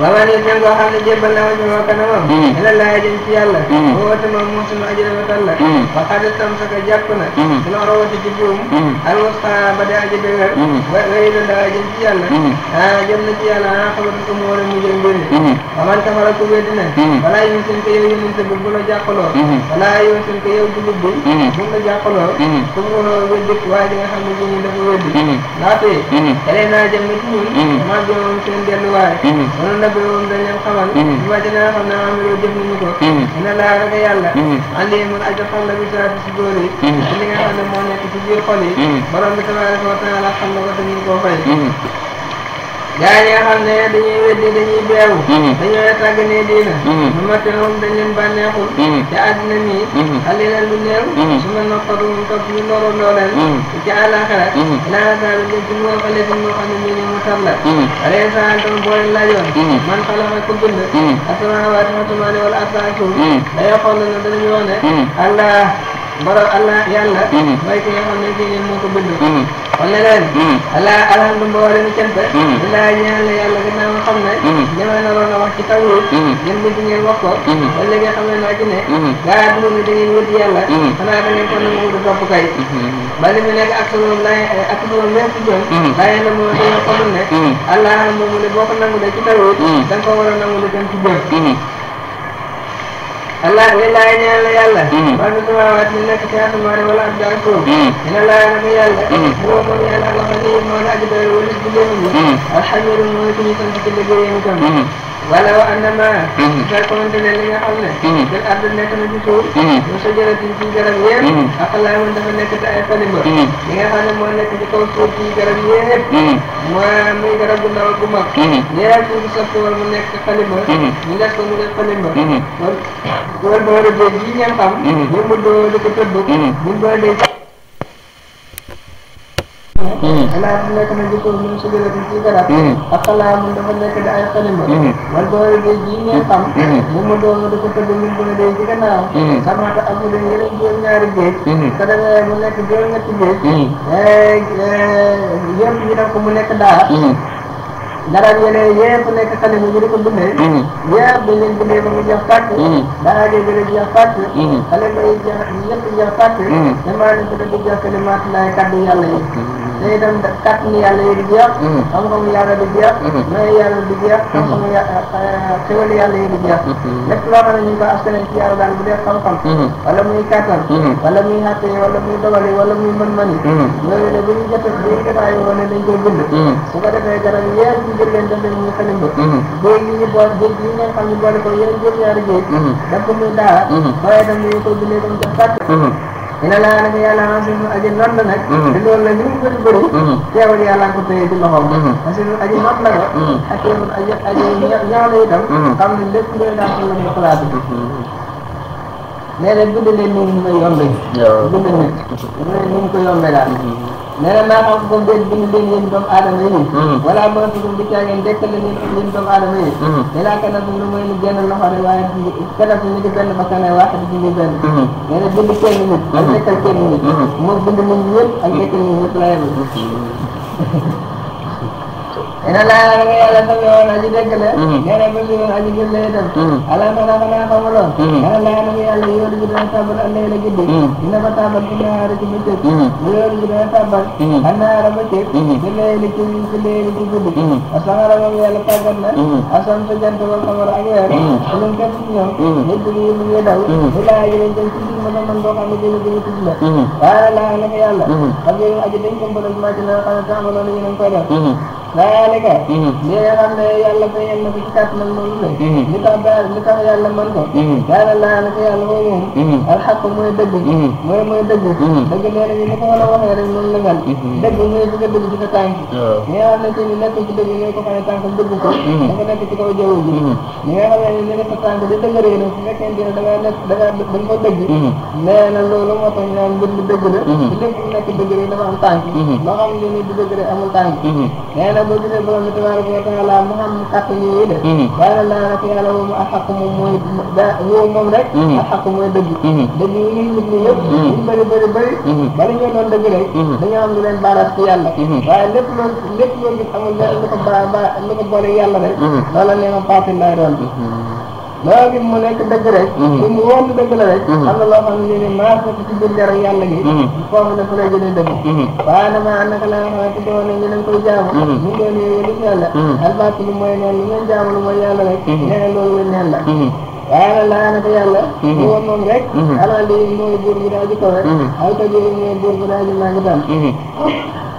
waaw ne ña nga xam ne jébbal na wañu wa kanamam hmm. ila laa jëm ci yàlla hmm. woote moom moom sunu ajëra watal la waxaade hmm. tam saka jàpp na sunu rawati ci buum alwasqa ba daa aji dëgër way da daa jëm ci yàlla a ah, jëm na ci yàlla a ah, xamatu ko mu war a mujjee mbir mi waman kafara ku weddi na walaa yow seen ko yow yonente bi bu la jàqaloo walaa yow seen ko yow jullit bi bu la jàqaloo ku mu weddi waa ji nga xam ne ji ñu dafa weddi laatee elee naa jëm na ci ñun maa jëmoom seen delluwaay na bu moom dañ leen xamal ma ci nga xam ne amuloo jëf nañu ko mhm. dina laa rek yàlla alimul aji xam la bi saati si dóor yi ci mhm. li nga xam ne moo nekk ci biir xol yi mhm. borom bi tabaaraka wa taala xam na ko dañu koo fay gaa yi nga xam ne dañuy weddi dañuy beewu dañoo tàgg ne diina ñu matte moom dañ leen bànneexul te àddina mii xali leen lu néew su ma noppatu mu topp ñu loro looleen ci àllaaxira laatabi jë ci moom xalitin moo xam ne mii ni mu tar la alayhi salaam a leen laajoon man xalaxa ko bind asamaawaati xatumaane wala arda suuf dañoo xool na danañu wax ne allah mbooloo allah yàlla. Mhm. mooy ki nga xam ne kii moo ko bind. Mhm. kon ne leen. Mhm. allah alhamdu mboolem xam ne. ñeme na waroon a wax ci taw yi. ñun nit ñi wax ko. ba léegi xam ne naa ci ne. gaa bu ñu dañuy wut yàlla. xanaa da ngeen ko nangu du topp kay. ba nekk ak sama laay ak sama métti jom. laay moo dañoo xamul ne. allah moom ne boo ko nangu de ci taw yi. da ko war a nangu lu gën ci jëm. allah lillahi ñeel na yàlla waa mi sumaawaat li nekk ci asamaan wala ak daal suuf dina laa naka yàlla boo moom yàlla alxani moo la aji doy wala ci léemam la alxamidu mooy suñu sant ci liggéeyam itam wala wa andamaa. Mhm. bu fekkoon ne li nga xam ne. fil mhm. ardi nekk na ci suuf. mu mhm. sa jaratin ci garab yépp. ak allah man dafa nekk te ay xalima. li nga xam ne moo nekk ci kaw suuf ci garab yépp. mooy ne garab bu ndaw bu mag. ñaar suuf sax wala mu nekk xalima. ñu def ko mu def xalima. kon xanaa bu nekk na jëkkër mun si gërëm ci garab ak xalaa mun dafa nekk di ay xalima wala doole day ji ngeen xam bu ma dooma ne na yeneen dara ñeneen yépp nekk xale bi ñu di ko dundee. yépp dañ leen dundee ba mu jeex tàkk. daa ngay gën a jeex tàkk. Mm-hmm. xale bay jeex ñëpp jeex tàkk. Mm-hmm. damaa leen ko def di jeex kalimaat laay kàddu day dem ba kàttanu yàlla yi di jeex. Mm-hmm. xam-xamu yàlla di jeex. may mm-hmm. yàlla di jeex. Mm-hmm. xam-xamu euh, euh, xéwal yàlla yi di jeex. lépp loo xam ne ñu ngi ko askanee ci yàlla daal bu dee xam-xam. wala muy kàttan. wala muy xàtte wala muy dogal wala muy mën-mën yi. loolu de bu ñu jotee bu ñu jotaayoo wala dañ koy bind. su ko defee garab yéen ñu jël leen dem ñu xalim ba. géej gi ñu boole géej gi nga xam ne boole ko yéen jël ñaari géej. def ko muy daara. waaye dem nañu ko bindee dem jëm kàttan. dina laa ne yàlla na suñu aji noot la nag. Mm-hmm. te loolu la ñu ngi bëri bëri. Mm-hmm. teewul yàlla ko téye ci loxoom. parce mm-hmm. que aji noot la ko. ak teewul aji aji ñoo lay itam. xam ne lépp léegi daal di leen xalaat. nee na bind leen nii ñu ngi koy yombee. bind leen nii ñu ngi koy yombee daal. nee na maa xam ko déet bind leen yéen doomu aadama yi mm-hmm. wala mën ko bi caa ngeen dekkal leen yéen doomu aadama yi ilaa mm-hmm. kanatum lu loxo rek waaye kanatum ni ki benn bakkan ay waaxat ci ni benn mm-hmm. nee na bind kenn nit ak dekkal kenn nit moom bind nit ñi yëpp ak dina laa la nga yàlla sax yoon aji dégg la. nee na buñ ñëwoon aji gën lay dem. ala ma la ma xamuloon. dina laa la nga mm-hmm. yàlla yoon gi dana tàbbal àllee la guddi. Mm-hmm. dina ko tàbbal ci naar ci bëccëg. bu yoon gi dana tàbbal. Mm-hmm. ak naar bëccëg. ci léegi ci ci léegi ci guddi. asamara moom yàlla tàggat na. asam sa jant ba xamar ak weer. te luñ kat ci ñoom. nit yi mu ngi daw. di laa yi lañ jëm ci biir mën a mën boo xam ne jëli jëli tudd la. waaye laa la nga yàlla. ak yow aji dañ ko mbëlal maa ci la xam ne tàmbaloon nañu nañ koy def. daalika li nga xam mm-hmm. ne yàlla feeñal na ko ci kàttanam moom la li tax ba li tax yàlla mën mm-hmm. ko yàlla laa na ko yàlla mooy moom mm-hmm. alxaq mooy dëgg mooy mooy dëgg dëgg nee nañu ni ko war a waxee rek noonu la mel dëgg mooy bëgg a dëgg ci sa tànk ñi nga xam ne ni nekk ci dëgg ñooy ko fane tànk dëgg ko dafa nekk ci kaw jaww ji ñi nga xam ne ni nekk sa tànk di dëgëree nag su fekkente ne da ngaa nekk da ngaa da nga ko dëgg nee na loolu moo tax ñu naan mbir mi dëgg la su lépp nekk dëgg rek dafa am tànk loo xam ne ni du dëgg rek amul tànk boo gisee borom bi tabaaraka wa taala mu xam ak yii de mhm. waaye nag daanaka rek yàlla moom ak xaq moom mooy da woo moom rek mhm. ak xaq mooy dëgg mhm. dëgg yi ñuy nit ñi yëpp ñu bëri bëri bëri bala ñoo doon dëgg rek dañoo am lu leen baaraat ci yàlla waaye lépp loolu lépp loolu gis amul dara lu ko ba lu ko boole yàlla rek loola nee ma paasin lay doon loolu bi mu nekk dëgg rek. bu mm-hmm. mu woon dëgg la rek. Mm-hmm. am na loo xam ne nii maa ko ci biir dara yàlla gi. Mm-hmm. foofu la fa lay jëlee dëgg. a nag maa naka laa xamante doon nañu ngi doon yéen yéen yàlla. albaat lu mooy noonu lu ngeen jaamu lu mooy yàlla rek. nee loolu la mu woon moom rek. alal lii mooy buur bu daal daal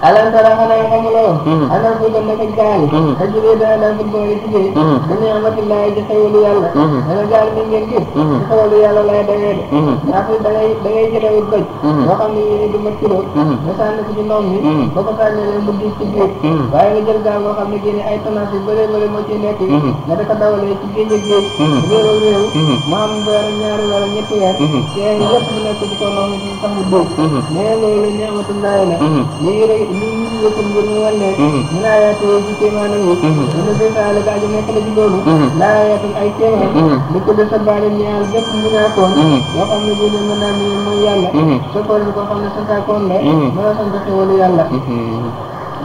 alam tara xanaa xamuloo anam bu dem naka gaal ajuree dana daan fut boori tijjee bi ni'matillahi ci xewalu yàlla dana gaal mi ngeen gis ci xewalu yàlla lay dawee de ndax da ngay da ngay jëlewut goj boo xam du mat kilo nga sànni mm-hmm. ko ci ndox mi boo ko sànnee leen mu diis ci biir waaye nga jël gaal boo xam ne génne ay tonnage yu bëree bëri moo ciy nekk nga da ko dawalee ci géej ak géej réew ak réew mu am weer ñaari weer ñetti weer ci yëpp mu nekk ci kaw ndox mi sax mu dóob mais loolu ni'matullahi la lu ko ngir mu wan leen mu naa yaatu ci kéemaanam yi mu ne bépp àll gaa ji ay kéemaan li ko defal baale ñaar bépp mu naa koon yoo xam ne bii ne mën naa mu ne mooy ko xam ne sa saa koon la mën a sant xewalu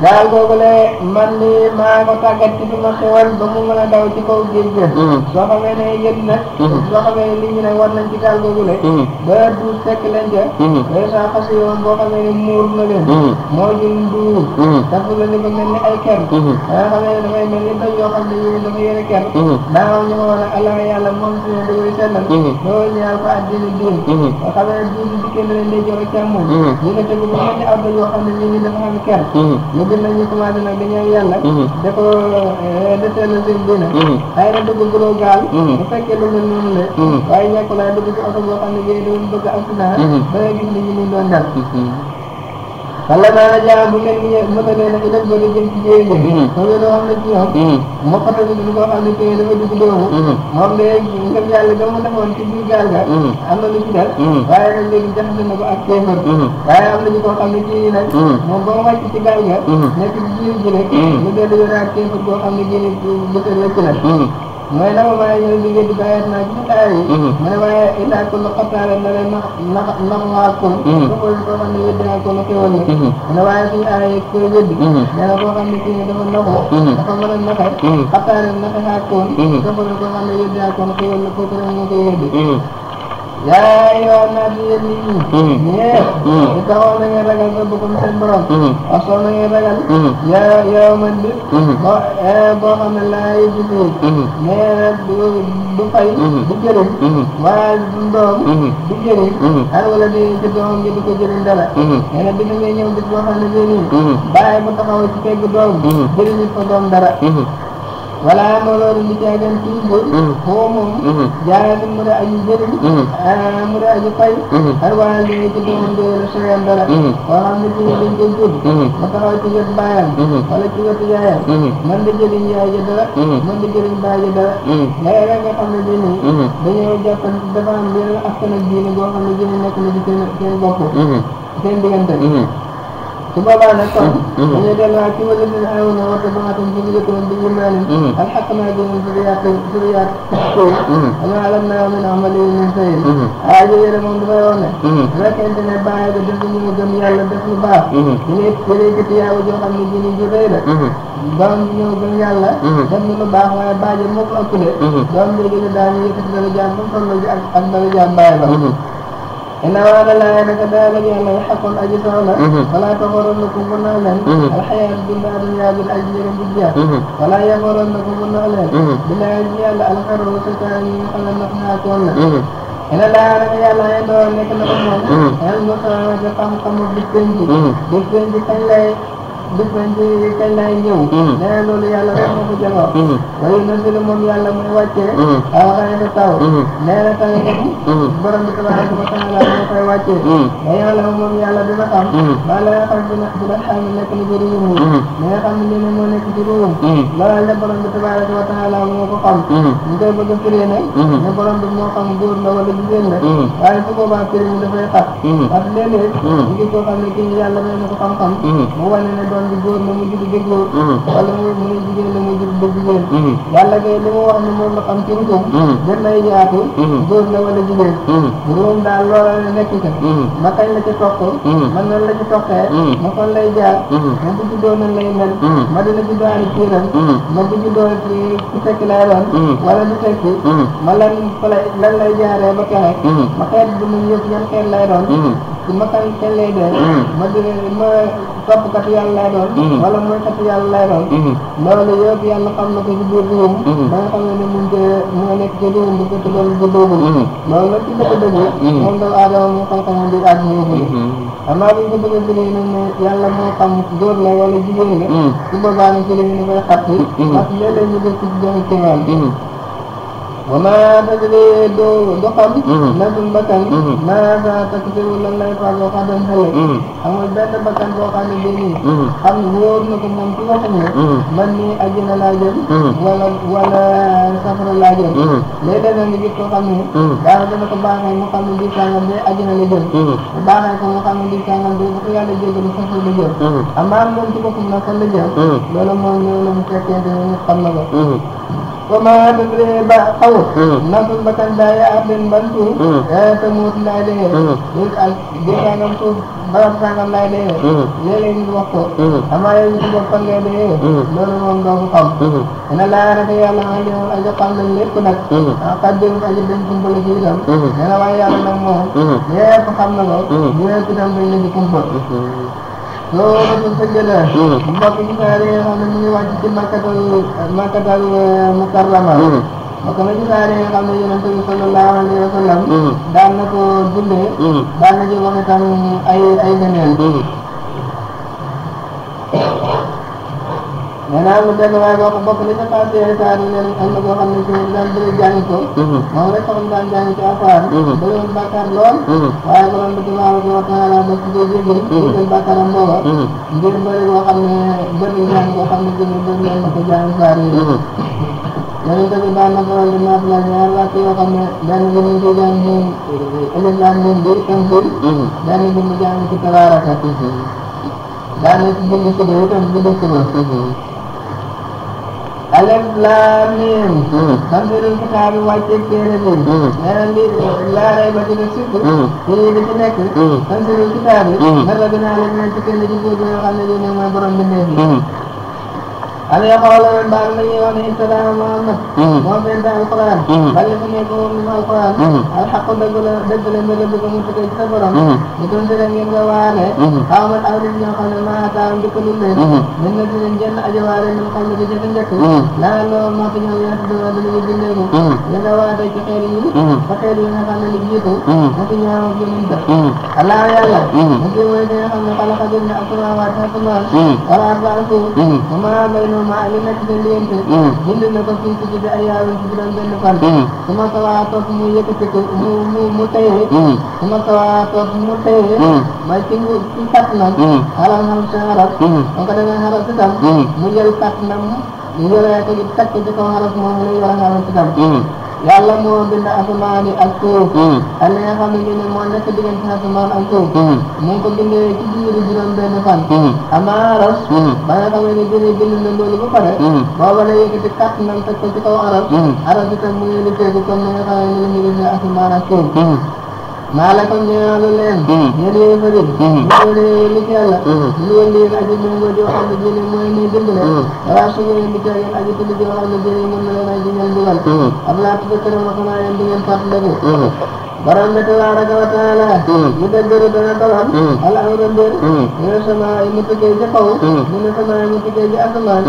gaal googu le man ni maa ko tàggat ci suma xewal ba mu mën a daw ci kaw géej ga hmm. soo xamee ne yëg na hmm. soo xamee ne li ñu ne war nañ ci gaal googu le hmm. ba du fekk leen ca dèjà xas yoon boo xamee ne muur na leen moo jël nduur daf la ni ba mel ni ay ker daa xamee ne dafay mel ni yoo xam ne yéen dafa ker daaw ñu ko a allah yàlla moom si ne dakoy sellal loolu ñaar ko addina diin nga xamee ne diin na leen day joxe xam ker dina ñu commencé nag di ñaan yàlla. Mhm. da ko eh, defee na seen diina. Mhm. ay ra dugg guloo gaal. Mhm. bu fekkee lu mel noonu la. waaye ñàkk naa dugg ci oto boo xam ne bii dañu bëgg accident. ba ñu doon dal. walla naa jaa bu mel ni mu ne leen itam ba di jëm ci jéeri ji. xam nga loo xam ne ci ñoom. mokkata bi du ko xam ne kii dafa dugg doomu. Mm-hmm. moom de ngëm yàlla dama demoon ci biir gaal ga. Mm-hmm. am na lu ci dal. Mm-hmm. waaye nag léegi jaxase na ko ak kéefar. waaye am na ñu koo xam ne kii nag. moom boo wàcc ci gaal ga. nekk ci jéeri ji nag. ñu dellu yore ak kéefar boo xam ne kii nii bu tëdd la ci nag. mooy la ma mën a ñëw liggéey bi doyat naa ci dara yi. mu mm-hmm. ne waaye indaa ko lu xattaale na leen nax nax nax waa mm-hmm. ko. su ko koo xam ne weddi naa ko lu xéwal ni. mu ne waaye suñu aay ak koy weddi. nee na koo xam ne kii dafa naxu. Mm-hmm. dafa mën a naxe. xattaale naxe naa ko. su ko koo xam ne weddi naa ko lu xéwal ni kooku rek moo koy weddi. yaa ayyuhaa naas yéen nit ñi. ñëwee. ñu taxaw na ngeen ragal rabbakum seen borom. yaa yow bi. boo boo xam ne laa yi gis ngeen. nee na du du fay. du jëriñ. waaye du wala di ci doom ji du ko jëriñ dara. nee na bi nga ñëw bis boo xam ne bii nii. bàyyi bu taxaw wala mbooloo di jaajëm kilifa. foo moom. Mm-hmm. jaarale mu da aji jëriñ. Mm-hmm. Ah, mu aji fay. ak wàllu li ñu tuddee moom de la soriwoon dara. Mm-hmm. koo xam ne ci nga dañ koy jël. ba taxaw ci wetu baayam. wala ci wetu yaayam. mën da jëriñ yaay ja dara. mën da jëriñ baay ja dara. léeg-léeg nga xam ne bii nii. dañoo jàpp dafa am benn askan ak diine boo xam ne diine nekk na ci seen su boobaa nag kon dañuy delluwaat ci wala dina aw na wata baatam ci ñu jëkkoon bi imaanin alxaqnaa bihim zuriyaat zuriyaat ko amaa alam naa min amali min sayin aajo yére moom dafay wax ne bu fekkente ne bàyyi ba def ñu gëm yàlla def lu baax ñu ne jëlee ci tiyaaba joo xam ne jini ju rëy la doom bi ñëw gëm yàlla def na lu baax waaye bàyyi moo ko ëppale doom bi gën a daan yëkkati dara jaam ba mu toll ak dara jaam bàyyi ba inna wa'da Allahi naka dogal Yàlla haqqun aji sax la. falaa taxurannakum bu nax leen. alxayaatu dunya dunya bi aji njëriñ bu jeex. falaa yaxurannakum bu nax leen. billahi Yàlla alxarru seytaan yi nga xam ne nax naa koon la. inna Allaha naka Yàlla ay doon nekk na ko moom. yàlla lu ko xam-xamu bis penc. bis penc kañ lay. bis bañ ci kañ lay ñëw nee na loolu yàlla rek moo ko jagoo waaye nasilu moom yàlla muy wàccee aw xayma taw nee na taw boobu borom bi tabaraka wa taala moo koy wàccee wa yàlla moom yàlla dina xam maa la nga xam dina dina xam nekk li jëri yum li nga xam ne moo nekk ci ruum loolu la borom bi tabaraka wa taala moo ko xam ñu koy bëgg a firee nag ne borom bi moo xam góor la wala jigéen la waaye su boobaa firee dafay xat parce que léeg-léeg ñu ngi koo xam ne kii yàlla may na ko xam-xam mu wane ne doom ju góor la mu jur dëgg góor wala mu mu jigéen la mu jur dëgg jigéen yàlla kay li mu wax ne moom la xam ci rukum mhm. gën nay yaatu mhm. góor la wala jigéen mhm. moom daal loola la nekk ca ma kañ la ci toq man noonu la ci toqee ma kon lay jaar ma bu juddoo nan lay mel ma dina juddooni ciiran ma bu juddoo ci ku fekk lay doon wala du fekk ma lan fa lay lan lay jaaree ba kexe ma xeet bu mu yëpp yan xeet lay doon su ma kan kenn lay dee mm. ma di ma toppkat yàlla lay doon mm. wala mooy kat yàlla lay doon mm. loolu yëpp yàlla xam na ko ci biir réewum nga xam ne mun jë mu nga nekk ci réewum bu fekk loolu bu dóogul loolu nag ci dëkk dëgg moom doomu aadama mu xam-xamam bi ak ñëwfuli amaa bi ñu bëgg a bindee ne yàlla moo xam góor la wala jigéen la su boobaa وما تدري دور دقم نجم بكن ماذا تكتب لن لا يفعل وقد انهلك amul benn bakkan boo xam ne bii nii xam wóor na ko moom ci waxam ne man nii àjjana laa jëm wala wala safara laa jëm léeg-léeg nga gis koo xam ne daara dana ko baaxee mu xam ne bii sàngam de àjjana la jëm bu baaxee ko mu xam ne bii sàngam de bu ko yàlla jégal safara la jëm amaan moom ci boppam na fan la jëm loolu mooy ñëw la mu fekkee ne xam na ko وما تدري ما قوم نفسك لا يعلم من تهم لا تموت لا ليه يسأل جيرانم تهم barab sangam lay dee léeg-léeg nit wax ko xamaa yow si boppam ngay dee loolu moom doo ko xam dina laa naka yàlla ma li moom aji xam nañ lépp nag xat dém aji dañ kumpala ci itam dana waaye yàlla nag moom lépp xam na ko ñu ne itam dañ la ci kumpa loolu moom dëgg la. mbokk yi nga xam ne ñu ngi wàcc ci makkatal makkatal mukarrama. bokk na ci saa yi nga ne yonent bi sallallahu alayhi wa sallam. daan na ko dundee. daan na ci wax ay ay nee naa lu benn waaye boo ko bokk li ko passé saa yi leen am na koo xam ne si daan bëri jàngi ko. moom rek sax mu daan jàngi ko affaire. bëri woon bàkkaar lool. waaye borom bi subhanahu wa taala ba ci dee jéggal. jéggal bàkkaaram booba. ngir bëri boo xam ne bëri ñaan boo xam ne jënd bëri leen na ko jàngi saa yi. yéen tamit daan na faral di naaf la ñaar wàcc yoo xam ne benn bi ñu ngi koy jàng ci Alxuraan bi Injiil. benn bi mu jàng ci Tabaraka. daan na ci bind si ba itam bind si ba. alif laam miim. tanziilul kitaabi wàcce téere bi. nee na laa rayba dina sikk. téere bi ci nekk. tanziilul kitaabi. naka bi naa leen ci kenn ci góor gi nga xam ne mooy borom أن يقرأ من بعد الذي عليه السلام محمد وهم يدعي القرآن بل لم يكونوا من القرآن الحق دجل من ربكم مستكبرا لتنزل من جواله أو من أولي من قبل ما أتاهم بكل من من نزل الجنة أجوال من قبل جسد لكم لا لهم ما في يوم يحدث هذا الذي لكم لذواتك خيره فخيره من قبل لجيكم وفي يوم في منك الله يعلم مسلم ويدعي خلق لقد جمع السماوات والأرض والأرض وما بينهم maa li nekk ci léegi. bind na ko fii ci guddi ay yaayu ci juróom hm. benn fan. su ma sawaa toog mu yëkkati ko mu mu mu teye. su ma sawaa toog mu teye. ma ci mu ci sat nag. alal xam hm. sa xaras. soo ko demee xaras itam. mu jël sat nag mu yoree ko di takk ci kaw xaras moom lay yor xaras itam. yàlla moo bind asamaan yi ak suuf. Hmm. ak li nga xamante ni moo nekk diggante asamaan ak suuf. Hmm. mu ngi ko bindee ci diiru juróom-benn fan. Hmm. amaa aras. ba nga xam ne bind bind na loolu ba pare. booba la yëkkati kàttanam teg ko ci kaw aras. aras itam mu ngi liggéey ko comme ni nga xam ne ni ñu ngi asamaan ak suuf. maa la ko ñaanu leen. yéen yéen fa di. ñu ngi mhm. li ci yàlla. ñu ngi leen aji ñu ngi joo xam ne jëlee mooy ñuy dimbale. Mhm. waaw su ngeen di jox yéen aji di joo xam ne jëlee mën na leen aji ngeen dugal. Mhm. am naa tudd këram wax naa leen di ngeen fàttaliku. borom bi tabaraka wa taala ñu dëgëru dana doxal al awra mbir ñu ne sama ñu tukkee ci kaw ñu ne sama ñu tukkee ci asamaan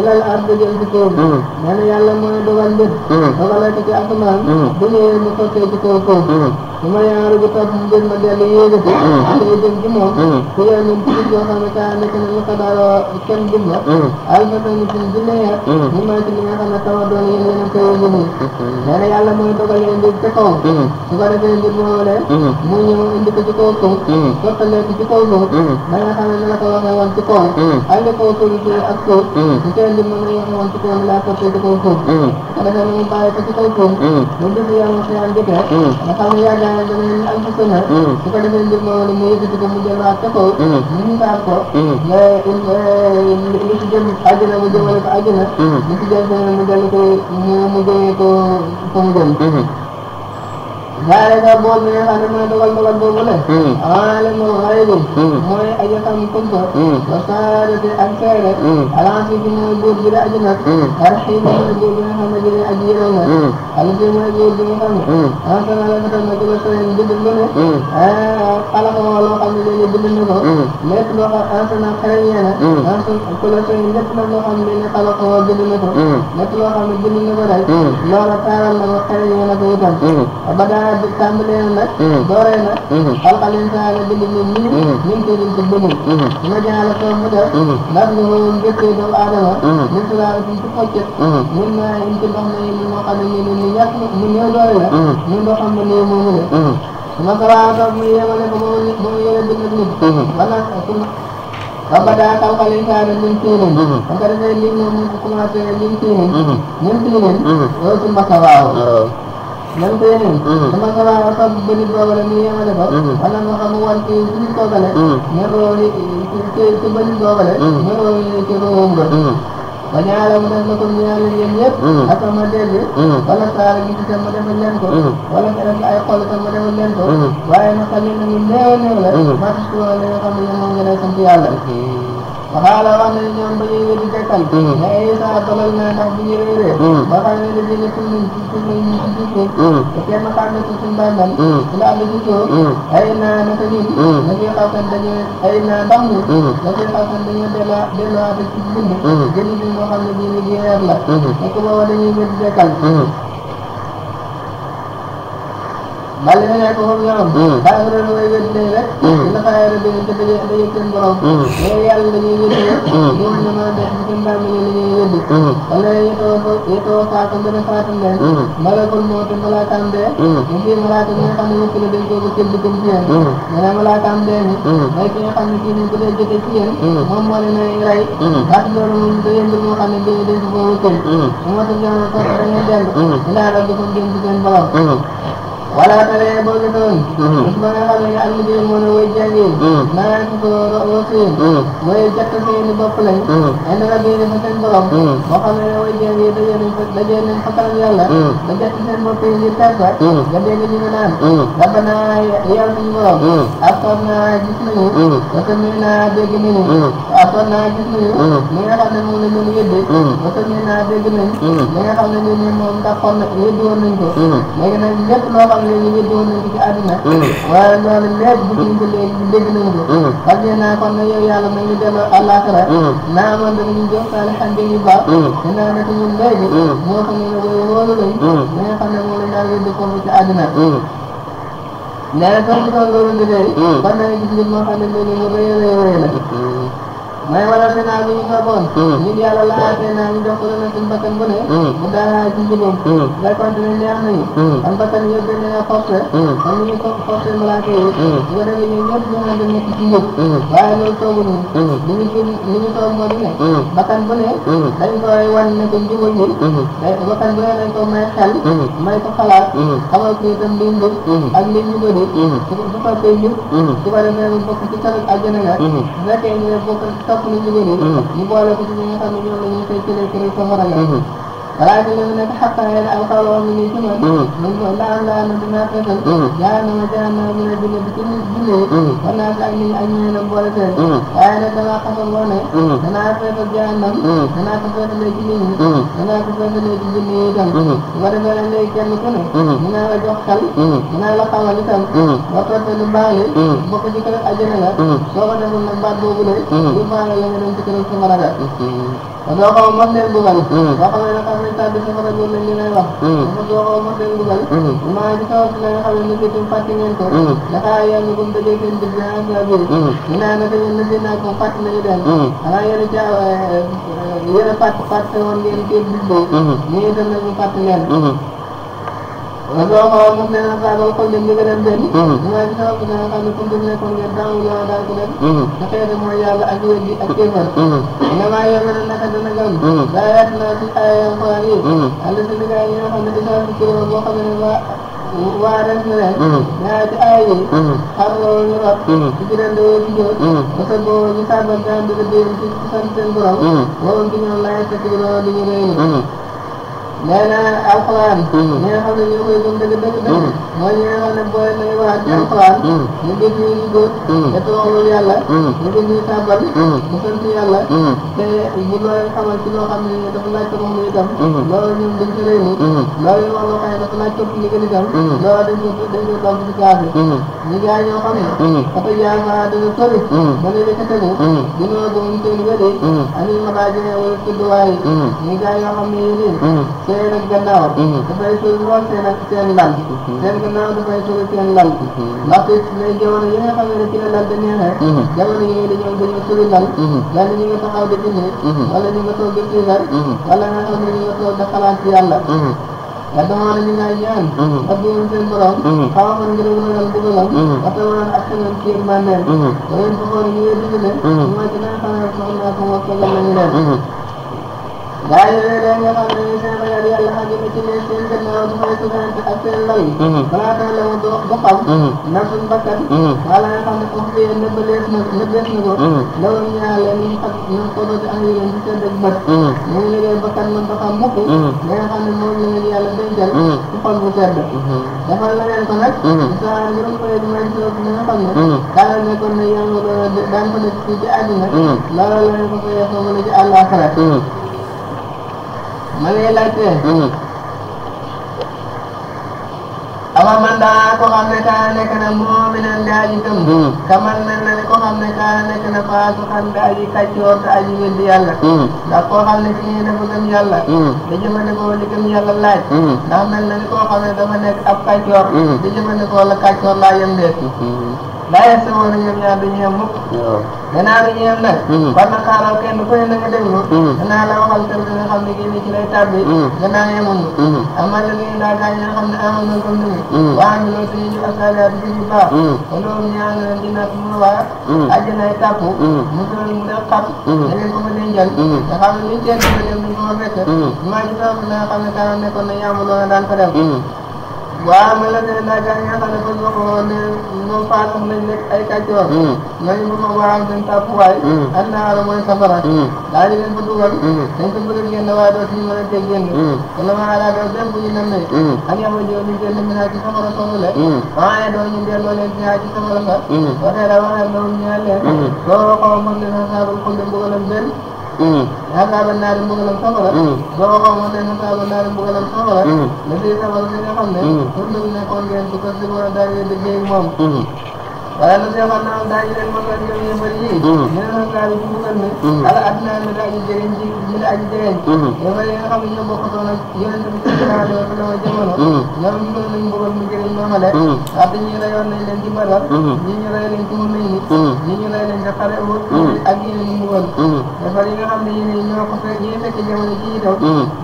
ilal ardi jël ci kaw nee na yàlla mooy dogal mbir dogale ko ci asamaan bu ñëwee mu sottee ci kaw kaw su ma yaa rajo Fatou Ndiaye ma dellu yéegati. àll mm. yi jëm ci moom. Mm. ku yaa ñun ci biir yoo xam ne kaa nekk na lu ko daal kenn jëm la. àll ba tey jii ci leer. mu may ci li nga xam ne taw a doon yéen yéen a koy yéen a. Mm. nee na yàlla mooy dogal leen di ca kaw. su ko defee mbir moomule. mu ñëw indi ko ci kaw suuf. sottalee ko ci kaw suuf. ba nga xam ne na la ko waxee woon ci kaw. àll kaw suuf bi ak suuf. su fekkee mbir moom la waxee woon ci kaw bi laa sottee ci kaw suuf. su ko defee mu bàyyi ko ci kaw suuf. mu dugg yàlla xëy na jotee. nga xam ne yàgg yàlla dana leen entrepreneur bu ko defee mbir moomu mu yëkkati ko mu delluwaat ca kaw ñu ñu taal ko nga li ci jëm àjjana mu jëmale ko àjjana li ci jëm feneen mu dellu ko mu mu jëmee ko fa mu jëm waaye nag boobu bi nga xam ne mooy dogal dogal boobu la. ah li mu xëy ba. mooy ay xam comme que. ba saadate ak seere. alhamdulilah mooy góor gi la aju nag. arxiim mooy góor gi nga xam ne dina aju yéen a ngi. التي ينادي بالمنام أنت ما لا تكلم كل شيء جد منه خلقه ولو قبل ذلك جد منه لكن أنت ما خرجنا أنت كل شيء لكن لو قبل ذلك خلقه جد منه لكن لو قبل جد منه لا لو رتارا لو خرجنا كوتا بدأ بالتعملين لك دورنا خلق الإنسان جد منه من كل جد منه وجعل صوبه نبله من ذكر آدم من سلالة تفكر مما يمكن أن يكون lu lu yàq lu néew doole la. mun mm. nga xam ne néew moomu la. maka waa toog mu yéemale ko moom nit moom yéeme bind ak nit. wala suñ ba ba daa xaw xale kaana min tiinin. ba nga defee lim ne mu commencé ne min tiinin. min tiinin. loolu si maka waaw. nan mm-hmm. ko yeneen dama ko waa fab bënit boobu la ñu yemale ko wala mm-hmm. nga xam wan ci suñu koogale mm-hmm. ñu rooni ci ci bënit boobu la ñu rooni ci room ba ba ñaareel mu def la comme ñaar leen yéen ñëpp. Mm-hmm. ak ma dégg. Mm-hmm. wala saara gi itam ma defal leen ko. Mm-hmm. wala nga def ay xol itam ma defal leen ko. waaye nag xam ne ñu néew néew la. maa ngi si woon li nga xam ne moom ngeen sant yàlla. waxaala wax na ñoom ba ñuy wéddi tegtal ne Isa tolal na ndax bu ñu réeree ba xam ne li gën a ci ñun ci ñun ci ci suuf te kenn xam ne ci suñ bàmmal ci la àll ci coo ay naa naka ñun na ciy xaw kan dañuy ay naa ndax ñu na ciy xaw kan dañuy delloo delloo ci bind gën bi moo xam ne bii liggéey la nekk booba dañuy wéddi tegtal bal dina nekk foofu ñorom bàyyi ko doon way wéddi dañu rek dina fay rek dañu dañu dañu seen borom mais yàlla dañuy wéddi rek ñoom ñu mën a def seen bàmm yi la ñuy wéddi wala yetoo yetoo faatu dana faatu leen malakul moo te malaakaam dee mu fi malaaka ñi nga xam ne ñëpp la dañ koo ko tëdd gëm ci yéen ñu ne malaakaam dee ni mooy ki nga xam ne kii ni bu dee jote ci yéen moom moo leen ay rey baat loolu moom da yënd moo xam ne dañu dañ ko koo wëkkal mu ma ta jom ko da ngeen dellu ilaa rabbikum jëm ci seen borom wala tala e ɓolɗo ɗon usmane haɓe annabi mono woy jangin maani ko wasin woy jatta seeni bopp lañ ene rabine fa seen borom boo xam ne woy jangi dajenañ dajenañ fakkalam yàlla ba jatta seen bopp yi ngir perta nga dégg ñu ngi naan rabbana yàlla suñu borom asoon naa gis nañu wasa mi naa dégg nañu asoon naa gis nañu mi nga xam ne moom la ñun yëddi wasa mi naa dégg nañ mi nga xam ne ñun moom dàqoon yëddi woon nañ ko léegi nag lépp loo xam xam ne ñu ngi doon ci àdduna mm. waaye loolu léegi mm. mm. bi ñu léegi dégg nañ ko parce que naa kon na yow yàlla ma ñu delloo àllaaxira naa amoon dama ñu jox saali xande yu baax dinaa nekk ñun léegi moo xam ne ne koy wóolu lañ ñi nga xam ne moom la ñu daal yóbbu foofu ci àdduna nee na sax bu ko loolu liggéey kon na gis nit moo xam ne léegi mu rëy rëy rëy la waaye waral te naa li ñu faagoon. ñun mm. yàlla laajte naa ñu jokkoo na suñu bakkan bu ne. mu daal ci njubam. nga continué neex nañu. am bakkan yëpp dañ leen a forcé. am ñu ko forcé malaaka yi. bu ko defee ñun ñëpp ñu ngi nekk ci njub. waaye loolu tooguñu. li ñu ci li ñu toog moo di ne. bakkan bu ne. dañ koy wan ne ko njubal ñu. day bakkan bu ne dañ ko may xel. Mm. may mm. ko xalaat. xamal ko itam liy njub. ak liy njubali. su ko su ko defee njub. su ko defee bokk ci tamit àjjana la. bu fekkee ñu ne bokk fàttali jigéen ñi. mu boole ko ci ñi nga xam ne ñoom la ñuy fay jëlee kuréel safara ga العاملون بحق على القول ومن الجنود منذ الله لا نبنا قبل جعلنا وجعلنا من الجنة بكل الجنود والناس أجمل أجمل بولدين وأنا كما قصروني أنا أفيت الجهنم أنا كفيت الجنين أنا كفيت الجنين ورفع إليك الكل من وجهك من لقى ولكم وقت البالي بقيت كل أجنة سوف تكون بعد بولدين يبقى لنا نتكلم في مرة doo mm. mm. mm. ko mos leen dugal. boo xam ne nag xam ne tàbbi safara ñoom lañ li may wax. dafa doo ko mos leen dugal. maa ngi taw si la nga xam ne nit ñi fàtte ngeen ko. dafaa yàlla bu mu dajee seen dëgg yi ànd ak yooyu. ñu naan nag ñun nit ñi naan ko fàtte nañu leen. xanaa yéen a jaa yéen a fàtte fàtte woon ngeen kii bi boobu. ñu ngi dem nag ñu fàtte leen. waaw boo xoo moom dana xaaral xol leen nga leen benn. waaye dina am dana xaaral comme dañu nekkoon ngeen daawu laa daal di leen. dafay dem mooy yàlla ak wér gi ak kéefar. damaa yore na naka dana gan. daa yaatu naa ci ay xaar yi. àll si liggéey yi nga xam ne dinaa fi kéefar boo xam ne waa waa ren ne rek. daa di aay yi. xar loolu ñu rab. ci gën a dawoo ci jóor. parce que boo ñu sàbbal daan dëgg dégg ci sant seen borom. waroon ci ñoom laay sa kii loolu di ñu réy nee na alxuraan. Mm. ñi nga xam ne ñoo koy gëm dëgg dëgg dëgg. Mm. mooy ñi nga xam ne booy lay waxaat ci mm. alxuraan. ñu dégg ñu ñu góor. te toogalul yàlla. ñu dégg ñu tàmbal. mu sant yàlla. te bu looy xamal ci loo xam ne dafa laaj ko mu itam. loolu ñun dañ ci réew mi. loolu yi wax loo xam ne dafa laaj ko li gën itam. loolu dañ ko dañ ko toog ci kaas yi. ñu gars ñoo xam ne. dafa jaay ma dana sori. ba léegi ca tegu. dinoo gëm ñu tegu ba léegi. ani ma baa jëlee wala tudd waaye. ñu gars yoo xam ne yéen seen ak gannaawam. Mhm. dafay suuf lool seen ak seen lal. Mhm. seen gannaaw dafay suuf seen lal. Mhm. ndaxte les jamono yi nga xam ne ci la lal di neexee. jamono yooyu dañoo dañoo suuf lal. lenn ñu nga taxaw di bindee. wala ñu nga toog di tiitar. wala nga xam ne ñu nga toog di xalaat ci yàlla. te damaa ne ñu naan ñaan. ak yéen seen borom. xaw ma ngir wëral dugalam. ak wëral ak seen kii mànneel. da ngeen ko xool ñu ngi digle. mooy dina xam ne soxna ko wax ko lan la ñu leen. waaye yooyu day nga xam ne ñu seen ragal yàlla xam ne ci leen seen gannaaw dafay sukkandiku ak seen lay balaa tax la woon ba xam na suñ bakkan wala nga xam ne foofu bi nëbbalees na nëbbees na ko lawal ñaar la ñu ak ñu ko doon am yéen ci seen dëgg bët moom liggéey bakkan man ba xam mukk da nga xam ne moom la leen yàlla dencal ci xol bu sedd defal la leen ko nag sa juróom koy di may soo bi nga xam ne daala nekkoon ne yàlla daan ko nekk fii ci àddina loolu la leen ko fayee foofu la ci àllaaxira ma ngi laajte. Hmm. awa man daa ko hmm. xam ne na moominan di aji gëm. te man mel ne ko xam ne kaa nekk na faasiqan di aji kàccoor te aji weddi yàlla. Hmm. ndax koo xam ne kii dafa gëm yàlla. di jëfandikoo li gëm yàlla laaj. ndax mel na ne koo xam ne dafa nekk ab kàccoor. di jëfandikoo la kàccoor laa yem deet. laa yastawiina ñoom ñaar duñu yem mukk. waaw danaa la ñu yem nag. Mm-hmm. war na xaaral kenn ku ne na nga déglu. danaa mm-hmm. la waxal tam li nga xam ne kii nii ci lay tàbbi. danaa mm-hmm. yemoon ñu. amal la ñuy daal daañu nga xam ne amal na comme ni muy. waa ñu loolu suñu ci asaliyaat bi ñu baax. loolu ñaan na dina mun a waa. àjjanaay tàpp. mu doon mu def xam. da leen ko fa dencal. nga xam ne liñ teel a dem duñ ko fa fekk. maa ngi toog li nga xam ne daan nekkoon na yàmb loolu daan ko dem. waaw man la tey laaj yi nga xam ne kon waxoon ne ñoom Fatou nañ nekk ay kàccoor. Hmm. ñooñu ba ma waaw seen tàppuwaay. Hmm. ak naara mooy safara. Hmm. daal di leen fa dugal. dañ ko bëgg a génn waaye doo suñu mën a teg génn. kon la maa laaj ak benn bu ñu namee. ak yàlla jiw ñu génn ñu naa ci safara soosu le. waaye doo ñu delloo leen ci naa ci safara sa. waxee la waxee loolu ñu naan leen. looloo xaw ma mën leen a saabal xul de mbugalam benn. hal mm. naa ba naari mbugalam safara mm. boo ko xamoon ne hal naa ba naari mbugalam safara la fii safara si nga xam ne mm. pour lu nekkoon ngeen du ko si war a daal di liggéey moom waaye la see xam naa daañu leen mën a jëm yu bëri yi ñu mm-hmm. ne mm-hmm. nag daal bu gën ni ala adna mi daaji jëriñ ji ji la aji jëriñ yu bëri yi nga xam ne ñoo bokkutoon ak yeneen bi sallallahu alayhi jamono ñoom ñu doon nañ bëggoon mu jëriñ noomale adda mm-hmm. ñi rayoon nañ leen ci Badar ñi ñu ray leen ci mu nañ ni ñi ñu ray leen ci xare ak yi ñu woon defar yi nga xam ne yi ñoo ko fekk ñi fekk jamono ji itam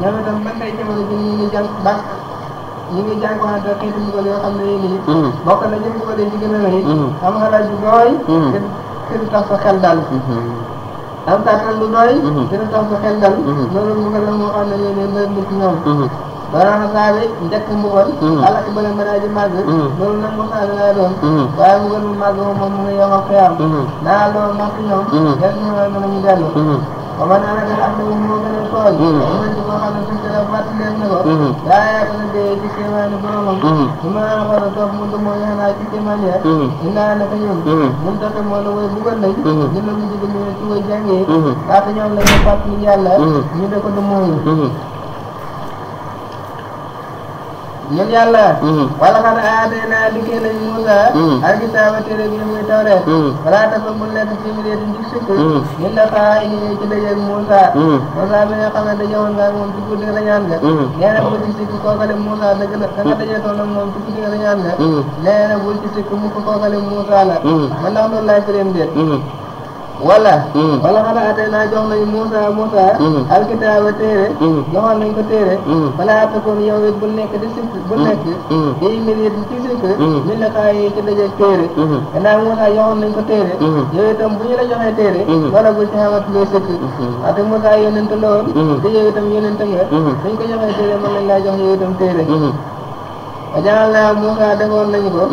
ñoom itam ba tey jamono ji ñu ngi jàng baax ñu ngi jànkuwante xeetu mbugal yoo xam ne yéen nii. Hmm. bokk na ñu mbugal yi ci gën a bëri. am xalaat yu doy. te te du tax sa xel dal. Hmm. am kàttan lu doy. te hmm. du tax sa xel dal. loolu mbugal la moo xam ne yéen a ngi ci ñoom. balaa xam naa ne njëkk mbugal. ala ki bële mën a ji màgg. loolu nag mos a laa doon. waaye mbugal mu màgg moom moom mu ngi yomb ak xeyam. naa loolu màgg ñoom. gerte gi mën nañu dellu. ومن أراد أنه مؤمن الفوز ومن تفهم تلفات لأنه لا يكون به كمان برمه ثم أنقر الطف مدمويا ناكي كمانيا إلا أنك يوم منتقم ولوي بغنى جنوب جدمية توي جانجي كاتنيوم لأنه فاتني يالا ñu de ko du mooy ngir yàlla. Mm-hmm. wala xar aateenaa dikkee nañ Moussa. Mm-hmm. alkitaaba téere bi muy tawreet. Mm-hmm. wala takun bu nekk ci mbir di dig sukk. ñu ne saa yi ñu ci dajeeg Moussa. Moussa bi nga xam ne daje woon nga moom ci guddi la ñaan nga. nee na bu ci sikk kookale Moussa dëgg la da nga daje toon ak moom ci guddi la ñaan a nee na bu a sikk mu ko kookale Moussa wala mm. wala xanaa atay naa jox nañu Moussa Moussa mm. alkitaaba téere mm. joxoon nañ ko téere balaa tekoon yow it bu nekk di sikk bu nekk fii mbir yi ci sikk ñu la kaa yi ci dajeeg téere gannaaw Moussa joxoon nañ ko téere yow itam bu ñu la joxee téere ate Moussa yonente lool te yow itam yonente nga dañ ko joxee téere mën nañ laa jox yow itam téere wajalnaa Muusaa defoon nañu ko.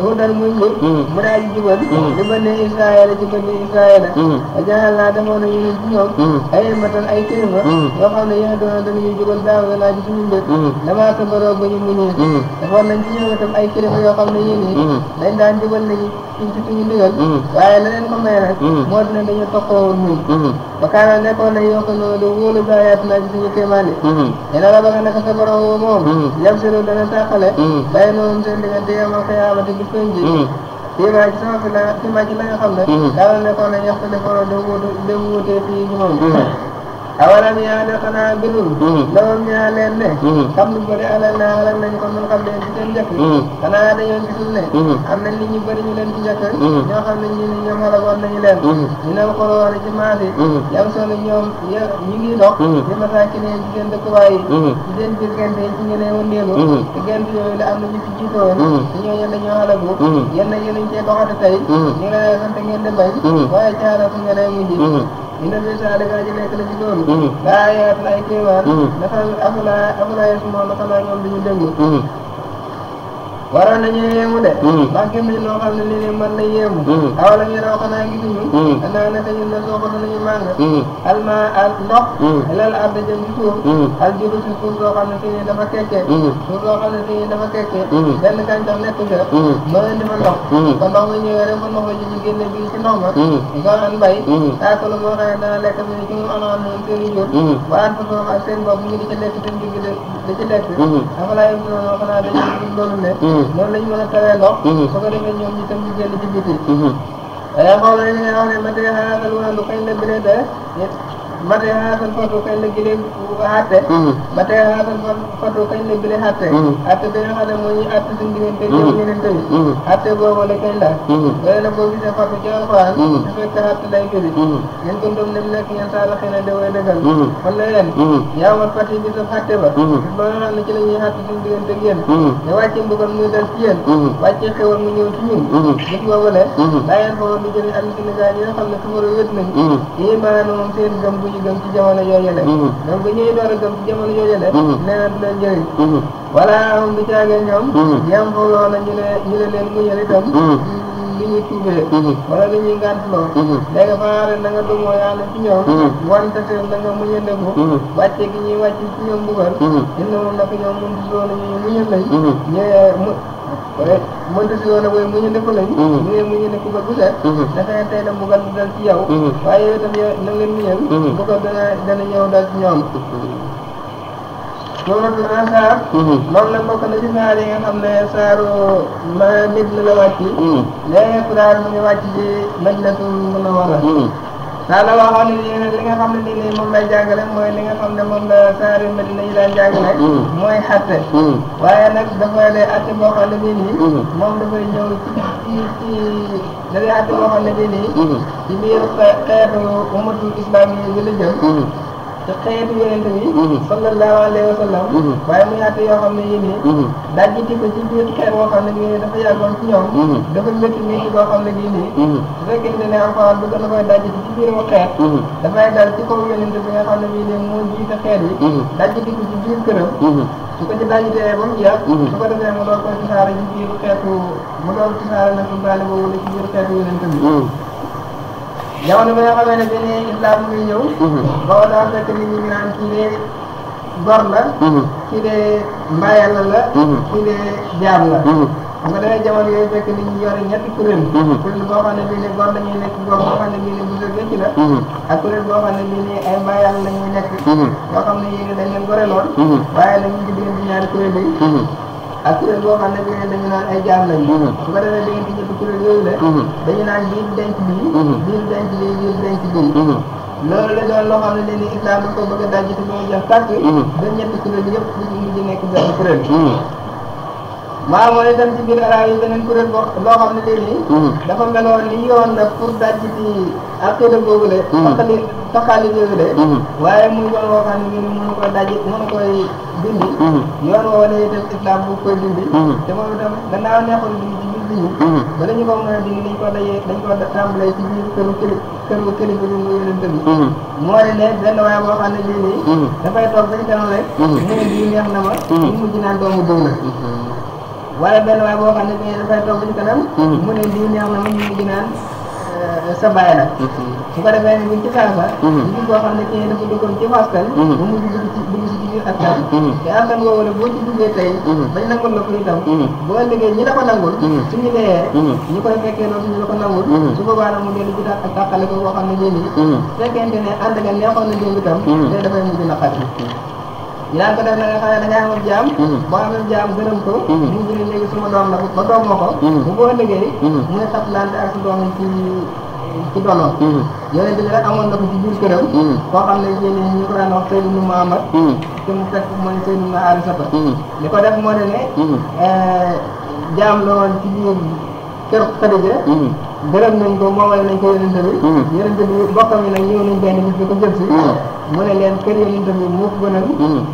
hudan muy njub. mu daal di jubal. Mm. li bani Israayiila ci bani Israayiila. Mm. wajalnaa defoon nañu ñun ci ñoom. Mm. ay matan ay kilifa. yoo xam ne yéen a doon dañuy jubal daaw la laaj ci ñun de. damaa tëmbaroo ba ñu muñee. defoon nañ ci ñoom itam ay kilifa yoo xam ne yéen ñi. dañ daan jubal nañu ci ci ñu digal. waaye leneen ko may nag. moo dina dañu toqoo woon ba kaana nekkoon na yoo xam ne du wóolu gaayaat naa ci suñu kéemaan yi. dina la bëgg naka sa borom moom. yam si dana tàqale day noonu seen diggante yemal xiyaamati bis penc fii maa ci sama fi la fii maa ci la nga xam ne daala nekkoon na ñaxtale foro de wuute fii ci moom awalam yaa ne xanaa bindul. Hmm. dawam ñaa leen ne. Hmm. xam lu bëri alal naa alal nañ ko mun xam leen ci seen njëkk. Hmm. xanaa dañoo gisul ne. am na nit ñu bëri ñu leen ci njëkk. ñoo xam ne ñu ne ñoom xalagoon nañu leen. ñu ne ko war ci maas yi. yam solo ñoom ñu ngi dox. di masaaki ne ci seen dëkkuwaay yi. ci seen biir gente yi ci ñeneen wëndeelu. te gente yooyu la am na ñu fi jiitoon. te ñooñu dañoo xalagu. yéen a yéen a ñu cee doxate tey. ñu ne la sant ngeen di bañ. waaye caara fu ngeen ay mujj. من الرسالة كاجي لك لك جوم لا يا لا يكيوان نفهم أفلا أفلا يسمعون كما يوم بيجي waroon nañu yéemu de hmm. ndax gëm nañ loo xam ne li ne mën na yéemu hmm. awala ñu raw hmm. xanaa gisuñu anaa naka ñun na sookona nañu mànga alma al ndox lal arda jëm ci suuf al juru si suuf soo xam ne si ni dafa kekkee suuf soo xam ne si ni dafa kekkee benn gàncax nekk ga mën di fa ndox ba ndox ma ñëwee rek ba ndox ma ji ñu génne bii ci ndox ma nga an bay akulu moo xam ne dana lekk mi ni ci mu anoon noonu seen i jur waan fa soom ak seen bopp ñu di ci lekk seen digg di ci lekk afalaa yëpp noonu xanaa dañu doon ne noonu lañ mën a tawee ndox su ko defee ñoom ñi tam ñu génn ci biti ayaa xool ne wax ne man de xanaa lu kañ la bi ba tey xaaral faddu kañ la gile xatte. ba tey xaaral faddu kañ la gile xatte. xatte bi nga xam ne moo ñuy xatte suñu diggante ñoom ñeneen tamit. Mm-hmm. xatte mm-hmm. boobu la kañ mm-hmm. la. loolu nag boo gisee faddu ci alxuraan. su fekkee xatte lay gëri. ñun kon doom dem nekk ñen saala xëy na da koy dëggal. kon la yéen. yaa woon fat yi bi sa xatte ba. ba nga xam ne ci la ñuy xatte suñu diggante ak yéen. nga wàccee mbugal muy dal ci yéen. ma wét nañ. yéen maanaam moom seen gëm bu ci gëm ci jamono jooju la donc mhm. ñuy door a gëm ci jamono jooju la leneen du leen jëriñ wala am du caagee ñoom mhm. yam xooloo na ñu ne ñu ne leen muñal itam mhm. li ñuy tuubee wala li ñuy ngàntloo léegi faare na ga dumoo yàlla ci ñoom wante te na nga muñandeku wàcce gi ñuy wàcce ci ñoom mbugal inna moom nag ñoom mun di loolu ñu muñal lañ ñu mënta si woon a woy mu ñu nekku nañ mhm. mu ne mu ñu nekku ba bu set mhm. dafay tey na mbugal mu dal ci yow mhm. waaye yow na leen muñal bu ko dana dana dal ci ñoom suuratul ansaar moom la bokk na ci saar yi nga ne saaru ma nit la wàcc léegi Quraan mu ngi wàcc ci Madinatul Munawwara daana waxoon ne li nga xam ne lii nii moom lay jàngale mooy li nga xam ne moom la saari Madina yi daan jàngale mm. mooy xatte mm. waaye nag dafay lay atte boo xam ne bii nii mm. moom dafay ñëw ci ci dafay atte boo xam ne bii nii ci biir xeetu umatu te xëyatu yonent bi mhm. sallallahu alayhi wa sallam mhm. waaye muy àtte yoo xam ne yéen nii mhm. daal di ko ci biir xeer boo xam ne bii dafa yàggoon ci ñoom dafa métti métti boo xam ne bii nii su fekkente a koy dajji ci biir mu xeer dafay dal ci kaw yonent bi nga su ko ci dajjitee mu jeex su ko defee mu doon koy tasaare ci biir xeetu mu doon tasaare nag mu baale boobu ci biir xeetu yonent bi jamono bi a xamee ne bii nii islam muy ñëw. Mhm. boo daa fekk nit ñi ñu naan kii de gor la. Mhm. kii de mbayal la. Mhm. kii de jaam la. xam nga da ngay jamono yooyu fekk nit ñi yore ñetti kuréel. kuréel boo xam ne bii nii gor la ñuy nekk gor boo xam ne bii nii bu la. ak kuréel boo xam ne bii nii la ñuy nekk. yoo xam ne yéen dañ leen ak kuréel boo xam ne bii dañu naan ay jaam lañu. Mhm. su ko defee léegi bi ñëpp kuréel yooyu mhm. dañu naan lii mhm. denc lii. lii denc lii lii denc lii. loolu la doon loo xam ne nii islam dañ ko a daj te mu jeex tàkk. ba ñetti kuréel yëpp ñu ngi nekk benn kuréel. waaw moo ne dem ci biir arabe boo xam ne tey nii. Mhm. dafa meloon ni yoon nag pour daj ci aqida boobu le mhm. toqali toqali boobu le mhm. waaye muy yoon woo xam ne nii mënu ko daj mënu koy dindi yoon woo ne itam islam bu koy dindi te moom ba dañu ko a dindi dañ ko ko tàmbalee ci biir këru këri këru këri bi muy yonent bi moo ne ne benn waaye boo xam ne lii nii dafay toog bañ kanam rek mu ne lii neex na ma ñu mujj naan doomu dëw la waaye benn waay boo xam ne bii dafay toog ci kanam. Mhm. mu ne lii neex na mu ñu ngi euh, sa baay la. bu mhm. ko defee nii ci saasa. lii mhm. ne kii dafa duggoon ci fastal. ba mu ci dugg ci biir te am na ngoo wala boo ci duggee tey. bañ nangul la ko itam. boo liggéey ñi la ko nangul. suñu dee. ñi koy fekkee noonu suñu la nangul. su boobaa nag mu dellu ci ak ko boo xam ne nii. fekkente ne ànd nga neexoon na démb itam. te dafay mujj naqari. yaa ngi ko def na nga xam ne da ngaa amoon jaam mm-hmm. boo amoon jaam gërëm ko mm-hmm. mu ngi léegi suma doom la ba doom moo ko mm-hmm. bu boo liggéey mu ngi taplante ak doom ci ci donoon yonent bi rek amoon na ko ci biir këram koo xam ne yéen ñu ko daan wax Seydou Muhammad te mu fekk mooy Seydou Arisata li ko def moo ne ne eh, jaam la woon ci biir kër Xadija gërëm nañ ko moomal nañ ko yonente bi hmm. yonente bi bokkam yi nag ñëw nañ benn bis di ko jël si hmm. mu ne leen kër yonente bi moo ko gënal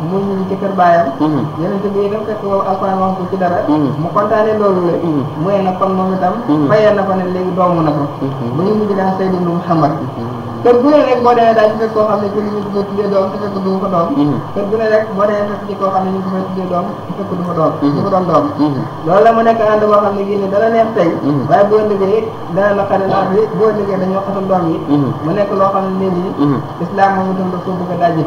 mu ñu ci kër baayam hmm. yonente bi itam fekk boobu alxuraan wax ko ci dara mu kontaane loolu mu ne nag kon moom itam fayal na ko ne léegi doomu na ko bu ñu mujj daan Seydina Muhammad kër bu ne rek boo demee daañu fekk koo xam ne jëli ñu ko tuddee doom te fekk du ko doom kër mhm. bu ne rek boo demee fekk ci koo xam ne ñu ngi koy doom te fekk du doom mhm. du ko doom mhm. loolu mu nekk ànd xam ne ne loo xam ne nii islam moomu tam daf ko bëgg a dajji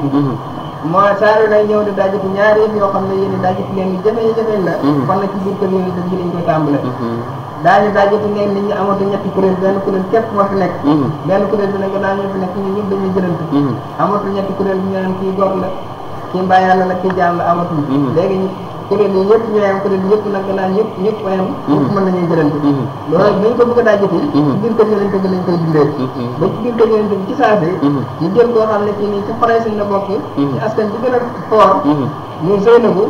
mooy saa yu ñëw di dajati ñaari yëf yoo xam ne yéen i dajati leen jëfe-jëfe la kon na ci biir kër yéen dañ koy tàmbale daañu daje di ngay nit ñi amatu ñetti kuréel benn kuréel képp moo fi nekk mhm. benn kuréel bi nag daañu fi nekk ñu ñëpp dañuy jëlante mhm. amatu ñetti kuréel bi ñu naan kii góor la kii mbaa yàlla la kii jaam la amatu mhm. léegi kuréel yi ñëpp ñu naan kuréel ñëpp nag naan ñëpp ñëpp ayam ñëpp mën nañuy jëlante mm-hmm. mm-hmm. loolu dañ ko bëgg a daa jëfee mm-hmm. ci biir kër yonente bi lañ koy dundee ñu ne a fort ñu Zeynabu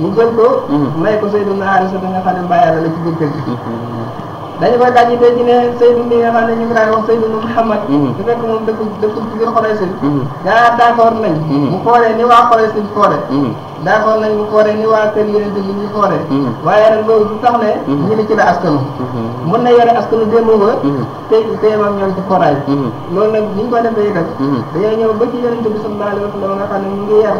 ñu jël ko may ko Seydou Naari sa nga xam ne mbayaara la ci biir kër gi dañu koy daal di dégg ne Seydou mi ñu ngi wax Seydou Mouhamad. su mhm. fekk moom dëkk dëkk ci mhm. mhm. nañ. mu xoolee ni waa xolay sin xoole. d' accord nañ mu xoolee ni waa kër yeneen dëkk ñu xoolee. waaye nag loolu du tax mun na yore askanu démb te teemam ñoom ci xoraay. loolu nag bu ñu ko defee rek. dañoo ñëw ba ci yeneen dëkk sallallahu alayhi wa sallam nga xam ne ñu ngi yar.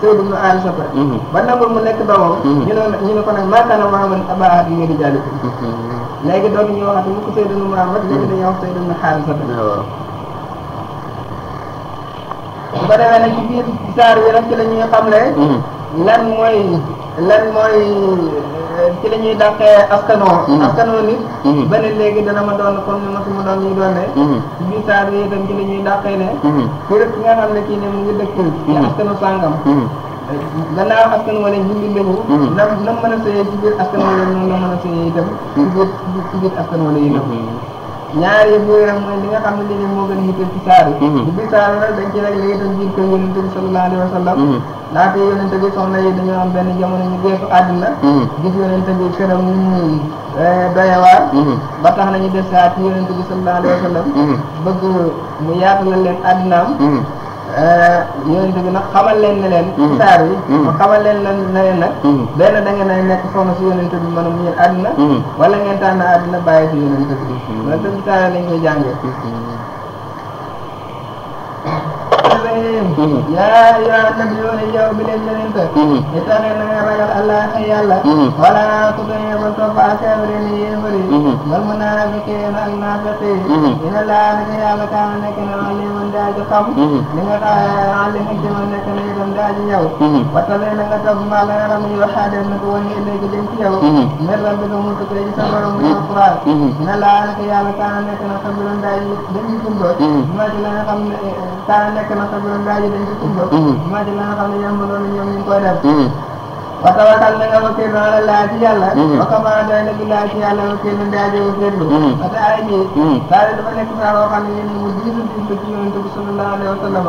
Seydou ibn Ali Sabra ba nangul mu nekk doomam mhm. ñu ne ñu ne ko nag maakaana Muhammad aba ahad yi ngeen di jàlliku léegi doon ñu waxati mu ko Seydou ibn Muhammad léegi mhm. dañuy wax Seydou ibn Ali Sabra bu ko defee nag ci biir saar bi nag ci la ñuy xamle mhm. lan mooy lan mooy ci la ñuy dàqee askanoo. Mm-hmm. askanoo nit. Mm-hmm. ba ne léegi dana ma doon comme ni ma su ma doon ñu doonee. Mm-hmm. biir saa bi itam ci la dàqee ne. pour ki nga xam ne kii ne mu ngi dëkkul. ci askanu sàngam. gannaaw askan wala julli lañu. na na mën a sëyee ci biir askan wala noonu mën a sëyee itam. ci biir ci biir askan wala yi ñaari yëpp yooyu nag mooy li nga moo gën a xiital ci di biir saar mhm. nag dañ ci rek léegi tam jiir ko yonente bi sallallahu alayhi wa sallam ndaxte mhm. yonente bi soxna yi dañoo am benn jamono ñu geesu àddina mhm. gis yonente bi këram ñu muy eh, doyawaar ba tax nañu des saat ci yonente bi sallallahu alayhi wa sallam bëgg mu yaatalal leen àddinaam Eh, yonent bi nag xamal leen ne leen mm-hmm. saar yi mm-hmm. xamal leen na ne leen nag mm-hmm. benn da ngeen a nekk soxna si yonent bi mën a muñal àdduna wala ngeen tànn àdduna bàyyi si yonent bi loolu tamit saar lañ koy jàngee yaa yaa kat yoon yow bi leen yonente mm-hmm. itane na nga ragal allah ak yàlla mm-hmm. wala naa tuddee ba topp ak abri ni yéefari wal munaafiqiin ak naafiqi mm-hmm. ina laa naka yàlla kaa nekk na alimun daaji xam li nga alim ak jëma nekk na itam daaji ñëw wattale na nga topp mbaa la nga ram yoo xaadee na ko wani léegi dem ci yow mer la bi ko mu tukkee ci sa borom mu yow xuraat ina laa naka yàlla kaa nekk na xabirum daaji dañuy gumba ma ci la nga xam ne kaa nekk na xabirum eh, doon laaj dañ ci tudd. moo di la nga xam ne ñoom ñoom ñu ngi koy def. Mm-hmm. wa tawakkal na nga wakkeelu ala laa ci yàlla wakkamaa doy na billaa ci yàlla wakkeelu ndaaje wakkeelu wata ay ñi saa dama nekk saa loo xam ne yéen mu diinu dimb ci yonente bi sallallahu alayhi wa sallam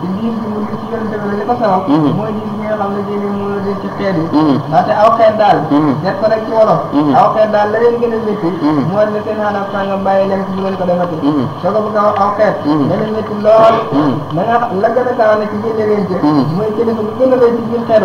di diin bi mu di ci yonente bi li ko sabab mooy diin bi nga xam ne diine mënu di ci xeet yi ndaxte aw xeet daal def ko rek ci wolof aw xeet daal la leen gën a métti moo ne seen xanaa sàngam bàyyi leen ci ngeen ko defati soo ko bëgg a wax aw xeet dana métti lool la nga la gën a gaaw ne ci génne leen ci mooy kilifa bu gën a rëy ci biir xeet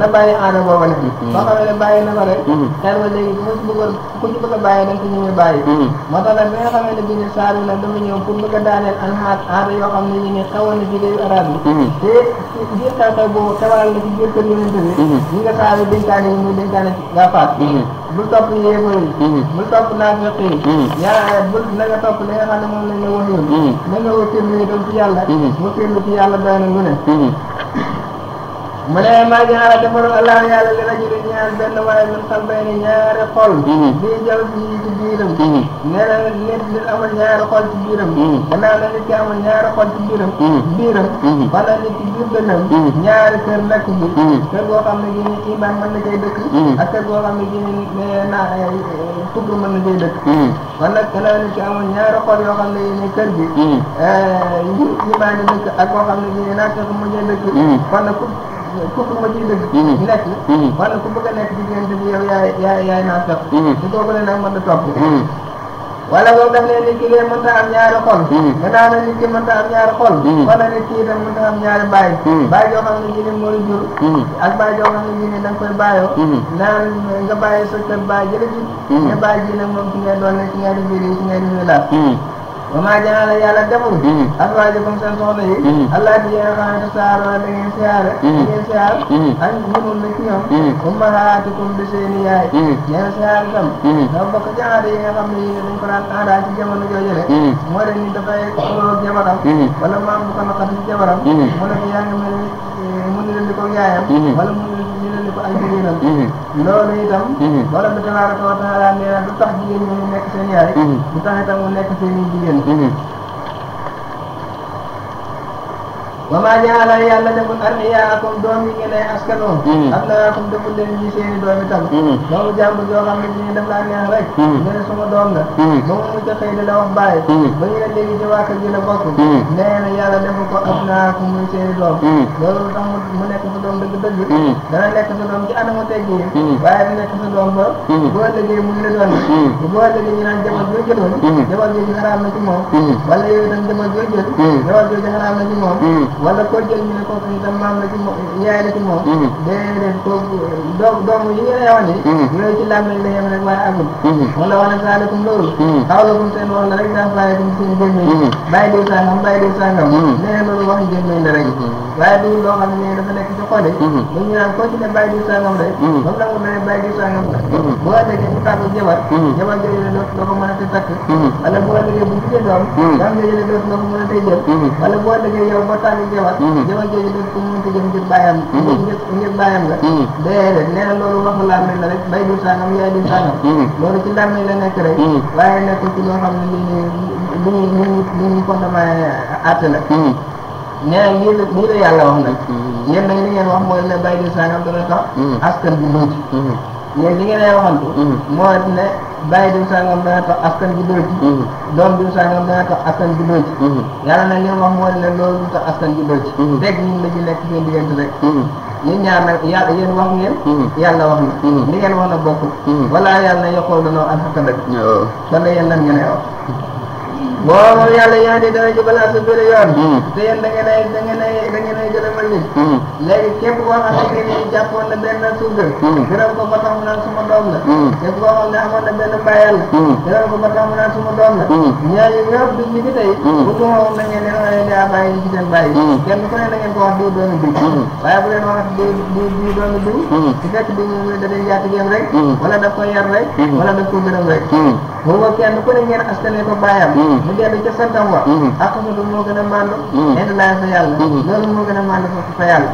na bàyyi aadama booba nag mm-hmm. boo xamee ne bàyyi na ko rek mm-hmm. xel ba léegi bu ma bëggoon ku ci bëgg a bàyyi nag ci ñu ngi bàyyi mm-hmm. moo tax nag bi nga xamee ne bi ne saar bi nag dafa ñëw pour bëgg a daaneel an xaat aada yoo xam ne ñu ne xewoon na ci réewu arab yi te biir xew-xew boobu xewaral na ci biir kër yonente bi ñi nga saar yi dénkaane yi muy dénkaane gaa faat bul topp yéefar yi bul topp naafiq yi yaa bul na nga topp li nga xam ne moom lañ la waxoon na nga wëkkirlu itam ci yàlla wëkkirlu ci yàlla doy na lu ne mu ne maa ngi xaaral defaral allah yàlla li rajuli ñaar benn waaye min xalbayni ñaari xol. bii mm-hmm. jaw ji ci biiram. Mm-hmm. nee na nit nit amul ñaari xol ci biiram. Mm-hmm. gannaaw na nit ki amul ñaari xol ci biiram. biiram. wala nit ki biir dënnam. ñaari kër nekk bi. kër goo xam ne gii nii iman mën na koy dëkk. ak kër goo xam ne gii nii na eh, kufr mën na koy dëkk. kon nag gannaaw nit ki amul ñaari xol yoo xam ne yii nii kër gi. Eh, ngir iman dëkk ak koo xam ne gii nii naaj ko mujjee dëkk. kon nag kooku ma ciy dëgg. nekk. Mhm. Mhm. wala ku bëgg a nekk ci diggante bi yow yaay yaay yaay naa topp. su kooku ne nag mën a topp. Mhm. wala boobu daf ne nit ki lee mënta am a xol. gannaaw a nit ki mënta am ñaari xol. wala nit ki itam mënta am ñaari baay. baay joo xam ne ji ne mooy jur. ak baay joo xam ne ji ne da nga koy baayoo. naan nga bàyyi sa kër baay jërëjëf. nga baay ji ne moom ci ngay doon di biir ci ngay wa maa jana la yàlla deful mm-hmm. aswaajakum seen soxna yi mm-hmm. allah di yéen xam ne saaroo da ngeen siyaare mm-hmm. da ngeen siyaar an munul na ci ñoom ummahaatikum di yaay yéen siyaar tam dafa bokk ci aada yi nga xam ne ko daan de ni dafay xuloo jabaram wala maam bu ko naqat ci jabaram ko ak jigéenam mhm. loolu itam mhm. borom bi tabaraka wa taala nee na du tax jigéen ñi mu nekk seen yaay mhm. du tax itam mu nekk seen i jigéen wa maa jaala yàlla deful arniyaakum doom yi ngeen ay askanoo mm-hmm. abnaakum deful leen ñi seeni doomi tam mm-hmm. doomu jàmb joo xam ne ñi daf laa neex rek la mm-hmm. di la wax bàyyi ba ñu ne léegi ci wàkk gi la bokk nee na yàlla deful ko abnaakum muy seeni mu nekk sa doon dëgg-dëgg dana nekk sa doom ci anamu tegg yi waaye du nekk sa doom ba boo liggéey mu la doon boo liggéey ñu naan jabar joo jëloon jabar jooju xaraam na moom wala yooyu tam jabar joo jël jabar jooju xaraam na moom wala koo jël ñu ne kooku itam maam la ci moom yaay la ci moom. Mm-hmm. déedéet kooku doom doomu yi ngeen yeewal nii. Mm-hmm. yooyu ci làmm lañ la yem rek waaye amul. Mm-hmm. wala wax na saalakum loolu. xaw la kum seen wala rek daa faalekum seen gémmiñ. bàyyi diw sàngam bàyyi diw sàngam. nee na loolu wax gémmiñ la rek. waaye du loo xam ne dafa nekk ci xol yi. bu ñu naan koo ci ne bàyyi diw sàngam rek. ba mu nangu ne bàyyi diw sàngam la. bu ëllëgee bu tàggu jabar. jabar jooju la dootu ko mën a tey takk. wala bu ëllëgee bu tuddee doom. doom jooju la dootu ko mën a tey jël. wala bu ëllëgee yow ba tàggu jawal mhm. jawal jooju def ko mënta jëm ngir bàyyam mhm. ngir ngir bàyyam la mhm. déedéet nee na loolu waxu làmmiñ la rek bay di sàngam yaay di sàngam loolu ci làmmiñ la nekk rek waaye nekk ci loo xam ne li ñuy li ñuy li ñuy fondement àtte la nee na lii la lii la yàlla wax nag yéen nag li ngeen wax mooy ne bay di sàngam dana tax askan bi mucc mooy li ngeen waxantu. Mhm. moo ne bàyyi diw sangam dana tax askan bi doy ci. Mhm. doom diw sangam dana tax askan bi doy ci. Mhm. yàlla nag li mu wax moo ne loolu du tax askan bi doy ci. la ci nekk seen diggante rek. ñun yàlla yéen wax ngeen. yàlla wax na. li ngeen wax na bokkul. wala yàlla na yokkoo danoo ak sa dëkk. kon nag yéen lan ngeen ay wax. boo yàlla yaadi dana jubal asabila yoon hmm. te yéen da ngeen ay da ngeen ay da ngeen ay gërëmal nit hmm. léegi képp koo xam ne ni jàppoon na benn surga hmm. gërëm ko ba tax mu naan suma doom la képp koo xam ne amoon na benn bàyyal la gërëm ko ba tax mu naan suma doom la ñooñu ñëpp duñ ñu fi tey bu tumawoon na ngeen leen waxee daa bàyyi ñu ci seen bàyyi kenn ku ne na ngeen ko wax diw doon diw waaye bu leen wax diw diw diw doon diw su fekk diw moom da day yaatu yem rek wala daf ko yar rek wala daf ko gërëm rek boobu kenn ku ne ngeen askane ko bàyyam dellu ca santam wa. Mm-hmm. ak ko moo gën a màndu. Mm-hmm. nee na laay fa yàlla. Mm-hmm. loolu moo gën a màndu foofu fa yàlla.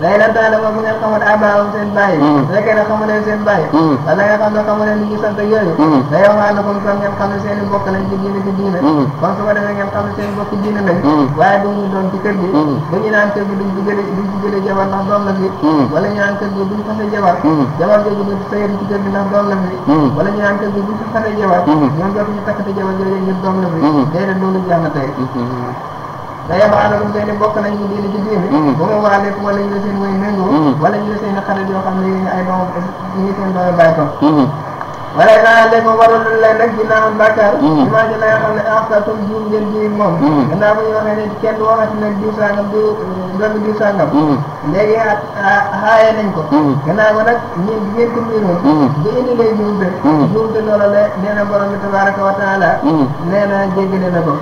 léegi nag daanaka bu ngeen xamoon abaawam seen baay yi. Mm. bu fekkee ne xamu leen seen baay. Mm. wala nga xam ne xamu leen li ñu sant ak yooyu. day mm. waxaat na comme kon ngeen xam ne seen i bokk lañ ci diine ci diine. kon su ko defee ngeen xam ne seen i bokk diine lañ. waaye du ñu doon ci kër gi. bu ñu naan kër gi duñ ci jëlee duñ ci jëlee jabar ndax doom la fi. wala ñu naan kër gi duñ fase jabar. jabar jooju duñ sëyati ci kër gi ndax doom la fi. wala ñu naan kër gi duñ fase jabar. ñoom dootuñu takkati jabar jooju ngir doom la fi. déedéet loolu jàmm tey mm-hmm. day wax ana lu benn bokk nañ ñu diine ci diine mm-hmm. bu mu a wala ñu seen way méngoo mm-hmm. wala ñu seen xarit yoo xam ne yéen ay doom ñu seen doom bàyyi ko mm-hmm. wala naa leen ko waral leen rek ginnaaw bàkkaar imagine la nga xam ne axtatum ah jiw ngeen jiw moom gannaaw bu ñu waxee ne kenn du waxati nag diw sàngam du doomi diw sàngam léegi xaaye nañ ko gannaaw ba nag ñeen bi ngeen ko miinoon bu indi lay juumte juumte la nee na borom bi wa taala nee na jéggale ko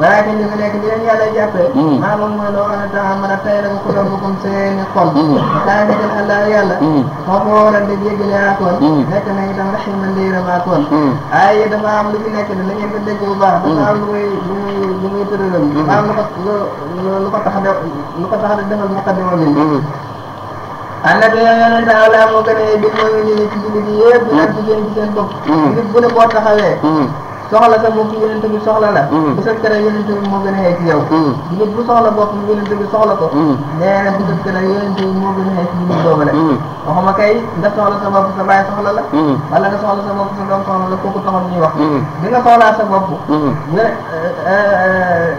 waaye dañ dafa nekk di leen yàlla jàppee mm. maa moom mooy loo xam ne daa mën a tay rek ku doon boppam seeni xol daa mm. nga jël allah yàlla mm. moo ko waral di jéggale akoon nekk na itam raximan di yërëm akoon waaye dafa am lu fi nekk da la ngeen ko dégg bu baax dafa am lu muy lu muy lu muy tëralam dafa am lu ko lu ko tax de lu ko tax de defal muqaddima bi ànd bi yonent Allah moo gën a bi mooy ni ci jullit yi yëpp ak jigéen ci seen bopp nit bu ne boo taxawee soxla sa bopp yonent bi soxla la mm-hmm. bu sa kër yonent bi moo gën a xeex yow jigéen mm-hmm. bu soxla bopp yonent bi soxla ko mm-hmm. nee na bu sa kër yonent bi moo gën a xeex yi ñu boobu la waxuma kay nga soxla sa bopp sa baay soxla la wala nga soxla sa bopp sa doom soxla la kooku taxoon ñuy wax di nga soxlaa sa bopp euh, euh,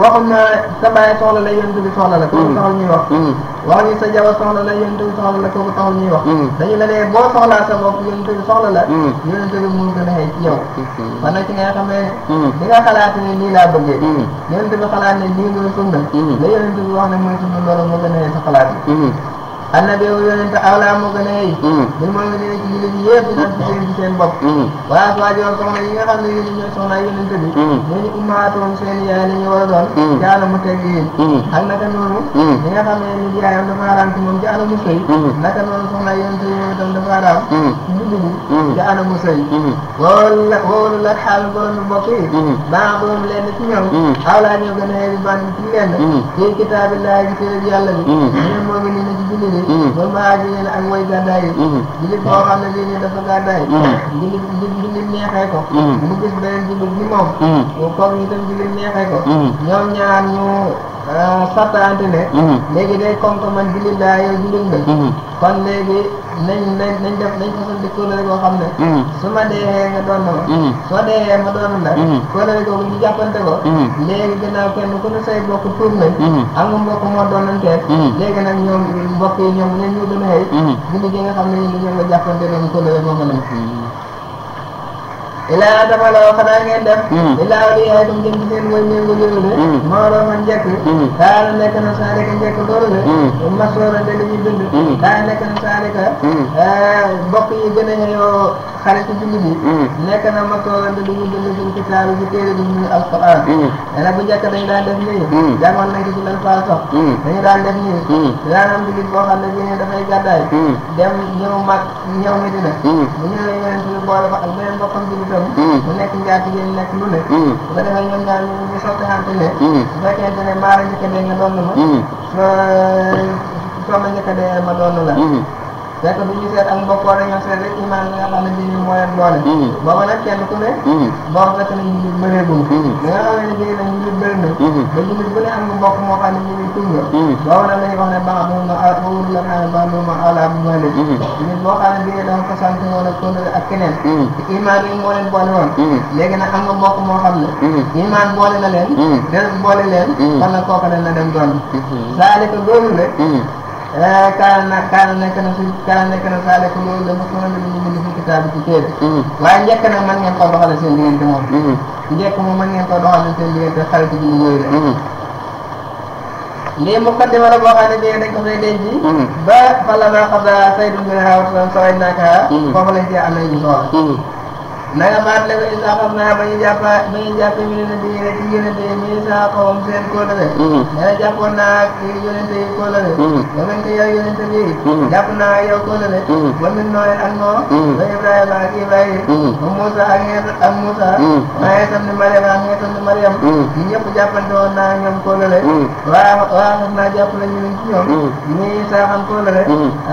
waxuñ na sa bàyyi soxla la yonent bi soxla la kooku mm. taxul ñuy wax mm. waxuñ sa jabar soxla la yonent bi soxla la kooku taxul ñuy wax mm. dañu la ne boo soxlaa sa bopp yonent bi soxla la yonent bi mu gën a xëy ci yow fan nag ci nga xamee li nga xalaat ne lii laa bëggee yonent bi xalaat ne lii mooy sunna la yonent bi wax ne mooy sunna loolu moo gën a xëy sa annabi yow yonente awlaa moo gën a yey hmm. ñun moom mi dina ci jullit ñi yëpp di ci seen bopp hmm. Hmm. waa soijo soxna yi nga xam ne yéen ñoo soxna yonente bi ñooñu ummaatoom seen yaay la ñu war a doon ci alamu tegg yi ak naka noonu ñi nga xam ne ni yaayam dafa araam ci moom ci alamu sëy naka noonu soxna yonente yi moom itam dafa araam ci jullit ñi ci alamu sëy woolu la woolu la xaal borom mbokk yi baa borom lenn ci ñoom awlaa ñoo gën a yey bi ban ci lenn ci kitaabillahi ci téere yàlla bi ñun moo ngi nii na ci jullit ba mm-hmm. maa ji leen ak mooy gàddaay yi mm-hmm. jullit boo xam ne lii nii dafa gàddaay jullit mm-hmm. jullit neexee ko mu gis beneen jullit bi moom kooku itam jullit neexee ko ñoom ñu fàttaante euh, ne mm-hmm. léegi day comme que man jullit laa yow jullit nga kon léegi nañ nañ nañ def nañ fasal di kóolóore boo xam ne mm-hmm. su ma deexee nga doon na ma mm-hmm. soo deexee ma doon na kóolóore googu ñu jàppante ko léegi gannaaw kenn ku ne say bokk tuub nañ am nga mbokk moo doonantee léegi nag ñoom mbokk yi ñoom ñeen ñu gën a xëy ñu liggéey nga xam ne ñu ñoom nga jàppante doon kóolóore boo ma ilaa atamaloo xanaa ngeen def ilaa li atum jëm ci seen mooy méngo loolu de moo doon man njëkk taala hmm. nekk na saalika njëkk loolu hmm. de masoora de li ñu bind taa hmm. nekk na saalika eh, bokk yi gën a ñëw xaritu julli bi mm. nekk na ma toogal di dugg di dugg ci kitaab bi ci téere bi muy alquran dana mm. bu njëkk dañu daan def nii mm. jàngoon nañ ko ci lan faa sox dañu daan def nii daan am jullit boo xam ne bii ne dafay gàddaay dem ñëw mag ñëw Medina bu ñëwee yeneen bi boole fa ak beneen bokkam jullitam mu nekk njaati yéen nekk lu ne bu ko defee ñoom ñaar ñu ñu sottante ne bu fekkente ne maara njëkk dee nga doon ma soo ma njëkk dee ma doon la fekk bu ñu seet ak mbokkoo dañoo seet rek imaan nga xam ne bi ñu mooy ak doole hmm. booba nag kenn ku ne hmm. boobu fekk na jullit bëreegul da hmm. nga xam ne léegi nag jullit bëri na ba jullit bu ne am nga mbokk moo xam ne jullit tuñ nga boobu nag lañuy wax ne baax moom ma ah bawul la xam ne baax moom ma ala ah bu ma leen jullit boo xam ne bi nga ko sant woon ak kóndale ak keneen te imaan yi moo leen boole woon léegi nag am nga mbokk moo xam ne imaan boole na leen deret boole leen kon nag kooku dañ la dem doon saa ko loolu rek kaala na kaala nekk na si kaala nekk na saa lekk loolu dafa ko mën a ñu bind si kitaab bi ci téere mm-hmm. waaye njëkk nag mën ngeen koo doxale seen diggante moom mm-hmm. njëkk moom mën ngeen koo doxale seen diggante xarit ji mu yooyu la lii muqaddima la boo xam ne bii dañ ko fay denc mm-hmm. ba fa la naa xasaa saydu bi naa war sa way naaka foofu lañ cee amee ñu soxla na nga baat la ko is taxaw naa ba ñu jàppaa ba ñu jàppee mi ne bii rek ci yonente yi mi saa xawam seen kóolare. nee mm-hmm. na jàppoon naa ci yonente yi kóolare. Mm-hmm. ba ngeen ko yow yonente bi. Mm-hmm. jàpp naa yow kóolare. ba min nooyee ak noo. ba Ibrahima ak Ibrahima. ba Moussa ak ngeen ak Moussa. maa ngi tam ni Mariam ak ngeen tam ni Mariam. ñi ñëpp jàppante woon naa ñoom kóolare. waaw waaw xam naa jàpp nañu ne ci ñoom. ñii saa xam kóolare.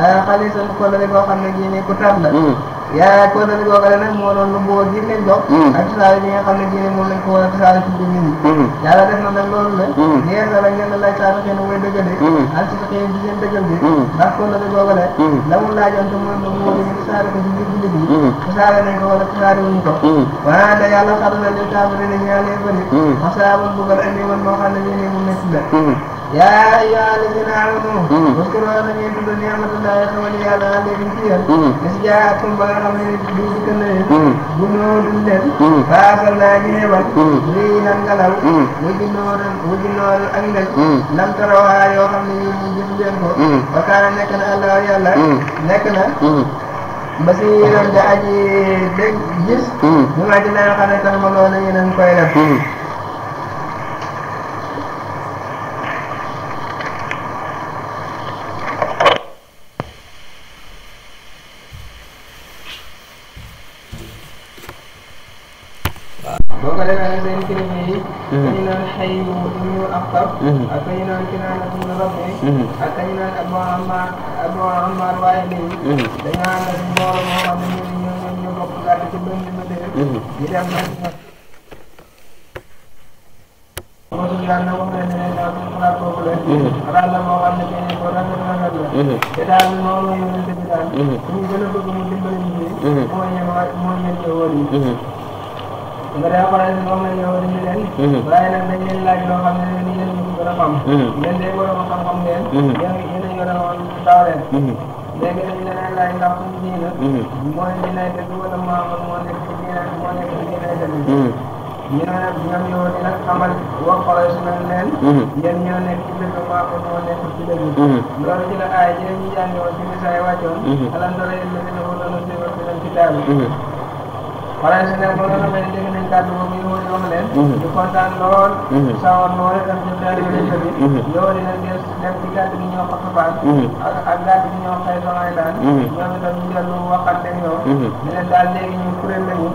Ah, xale seen kóolare boo xam ne gii nii ku tànn la. yaa kóolóol googale nag moo doon lu boo ji leen jox. Mm. ak saa yi nga xam ne jii moom lañ ko war a saa yi tudd nit ñi. Mm-hmm. yàlla def na nag loolu la. Mm-hmm. leer na la ngeen laaj saa fekkee ne mooy mm-hmm. dëggal de. ak si fekkee di seen dëggal bi. ndax kóolóol googale. la mu laajoon te moom moom moo di ñu tasaare ko si biir jullit yi. tasaare nañ ko wala tasaare wuñ ko. waaye da yàlla xam na ne taamu ne dañu yàlla yëngal. wax saa bu bëggal andi woon moo xam ne ñu ne mu métti la. يا أيها الذين آمنوا اذكروا أن من يتب نعمة الله وليانا عليكم فيها إذ جاءكم بغرا من جلودك النبي جنود الذي فأرسلنا جنبا ريحا قلوا وجنودا وجنود أنجل لم تروا يوم من جنبه وكان نكنا الله يلا نكنا بصيرا دعي دجس بما جنا قد تنملون ينن كويلا ak kañ naan Abu Ammar Abu Ammar waaye léegi. dañoo ànd ak mbooloo mhm. moo xam ne ñoo ñoo ñoo bokk gàtt ci benn bëtër. ñu dem mhm. nag. mosul daal na ko mel ne daal ko xalaat boobu la. xalaat la moo xam ne benn boo rafet rafet la. te daal moom la yonent bi daal. ñu gën a bëgg mu dimbali ñu. moo ñëwaat moo ñëw ci woon yi. nga daa faral di wax ne yow dañu leen. Mhm. waaye nag dañ leen laaj loo xam ne ni yéen ñu ko gën a xam. Mhm. yéen day borom xam-xam ngeen. Mhm. yéen yéen a yore woon daaw leen. léegi dañ leen laaj ndax suñu diina. mooy diina dëgg wala Muhammad moo nekk ci diina moo nekk ci diina tamit. ñu ne nag ñoom yow di nag xamal wax xoolal su mel leen. yéen ñoo nekk ci dëgg Muhammad moo nekk ci dëgg. loolu ci la aay yéen ñu jàngi woon ci misaay wàccoon. alam dara yéen ñu ne la wala ñu ci daal. wala si ne ba nga xamee dégg nañ kàddu boobu ñu wóor wax leen ñu kontaan lool sawar lool itam ñu daal di sa bi yow dina gis dem ci gàtt gi ñoo xafabaan ak ak gàtt gi ñoo xëy samay daan ñoom itam ñu dellu waxaat leen yow ñu leen daal léegi ñu kuréel lañu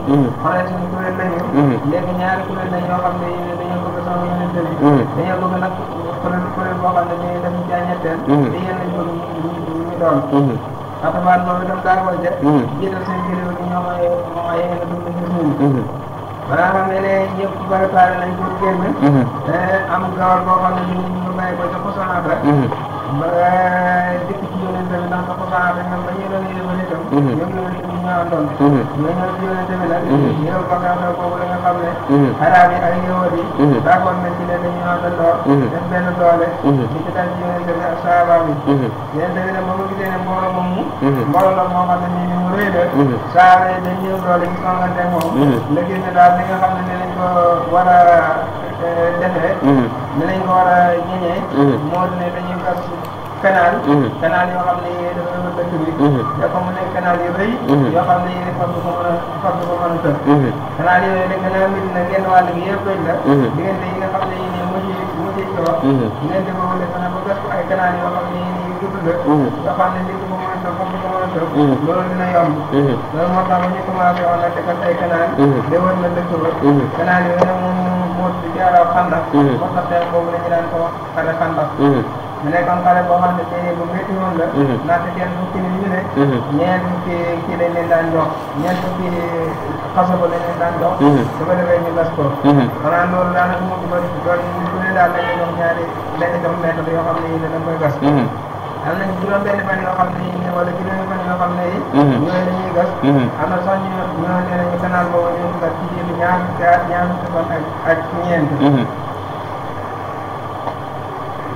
wala si ñu kuréel lañu léegi ñaari kuréel lañ yoo xam ne yéen dañoo bëgg sama yeneen bi dañoo bëgg nag kuréel kuréel boo xam ne ñu ngi def ci ñetteel te yéen lañ bëgg ñu doon asamaan moom itam daa koy def. jiital seen kilifa gi ñoo koy moo koy yëngal dund ci suuf. Hmm. Hmm. balaa xam ne ne yëpp préparé nañ pour génn. Hmm. Eh, am gawar boo ne ñu ñu bàyyi ko àndoon. ñoo ñëw ci yonente bi nag. ñu doon bàkkaarloo boobu la nga xam ne. araab yi ak yowat yi. baaxoon nañ ci ne dañuy àndandoo. Mhm. def benn doole. di mhm. ci dal ci yonente bi ak saaba bi. Mhm. yonente bi nag ba mu gisee ne mbooloo moomu. mbooloo la moo xam ne nii ni mu rëy la. saaba yi dañ ñëw doole ñu songante moom. la gis ne daal li nga xam ne dinañ ko war a eh, defee. dinañ ko war a ñëñee. moo di ne dañuy gas. canal mhm. canal yoo xam ne dafay wër dëkk bi mhm. dafa mu nekk canal yu rëy mhm. yoo xam ne yéen fab ko mën a fab ko mën a tënk canal yooyu nekk na mit na genn wàll gi yëpp lañ la diggante yi nga xam ne yi nii mujj mujj coox diggante boobu def na ba gas ko ay canal yoo xam ne yi nii gudd la yoo xam ne nit ko mën a tënk fab ko mën a tënk loolu dina yomb loolu moo tax ñu commencé woon a tegal ay canal da wër na dëkk ba canal yooyu nag moom moo jaaraaw xandax moo tax boobu la ñu daan ko wax xare xandax mu nekkoon xale boo xam ne téere bu métti woon la. Mhm. ndaxte kenn fukki nit ñu ne. Mhm. ñeent fukki kii lañ leen daan jox ñeent fukki xasabo lañ leen daan jox. Mhm. su ko defee ñu gas ko. maanaam loolu daanaka moom du bëri doon ñu bu ne daal lañ leen jox ñaari lañ leen jox mètre yoo xam ne yii dañ koy gas. am nañ juróom benn fan yoo xam ne yii wala juróomi fan yoo xam ne yii. ñooñu dañuy gas. am na sax ñu ñoo ne nañu canal boobu ñu ngi gas ci ñaar ñaar ñaar fan ak ak ñeent.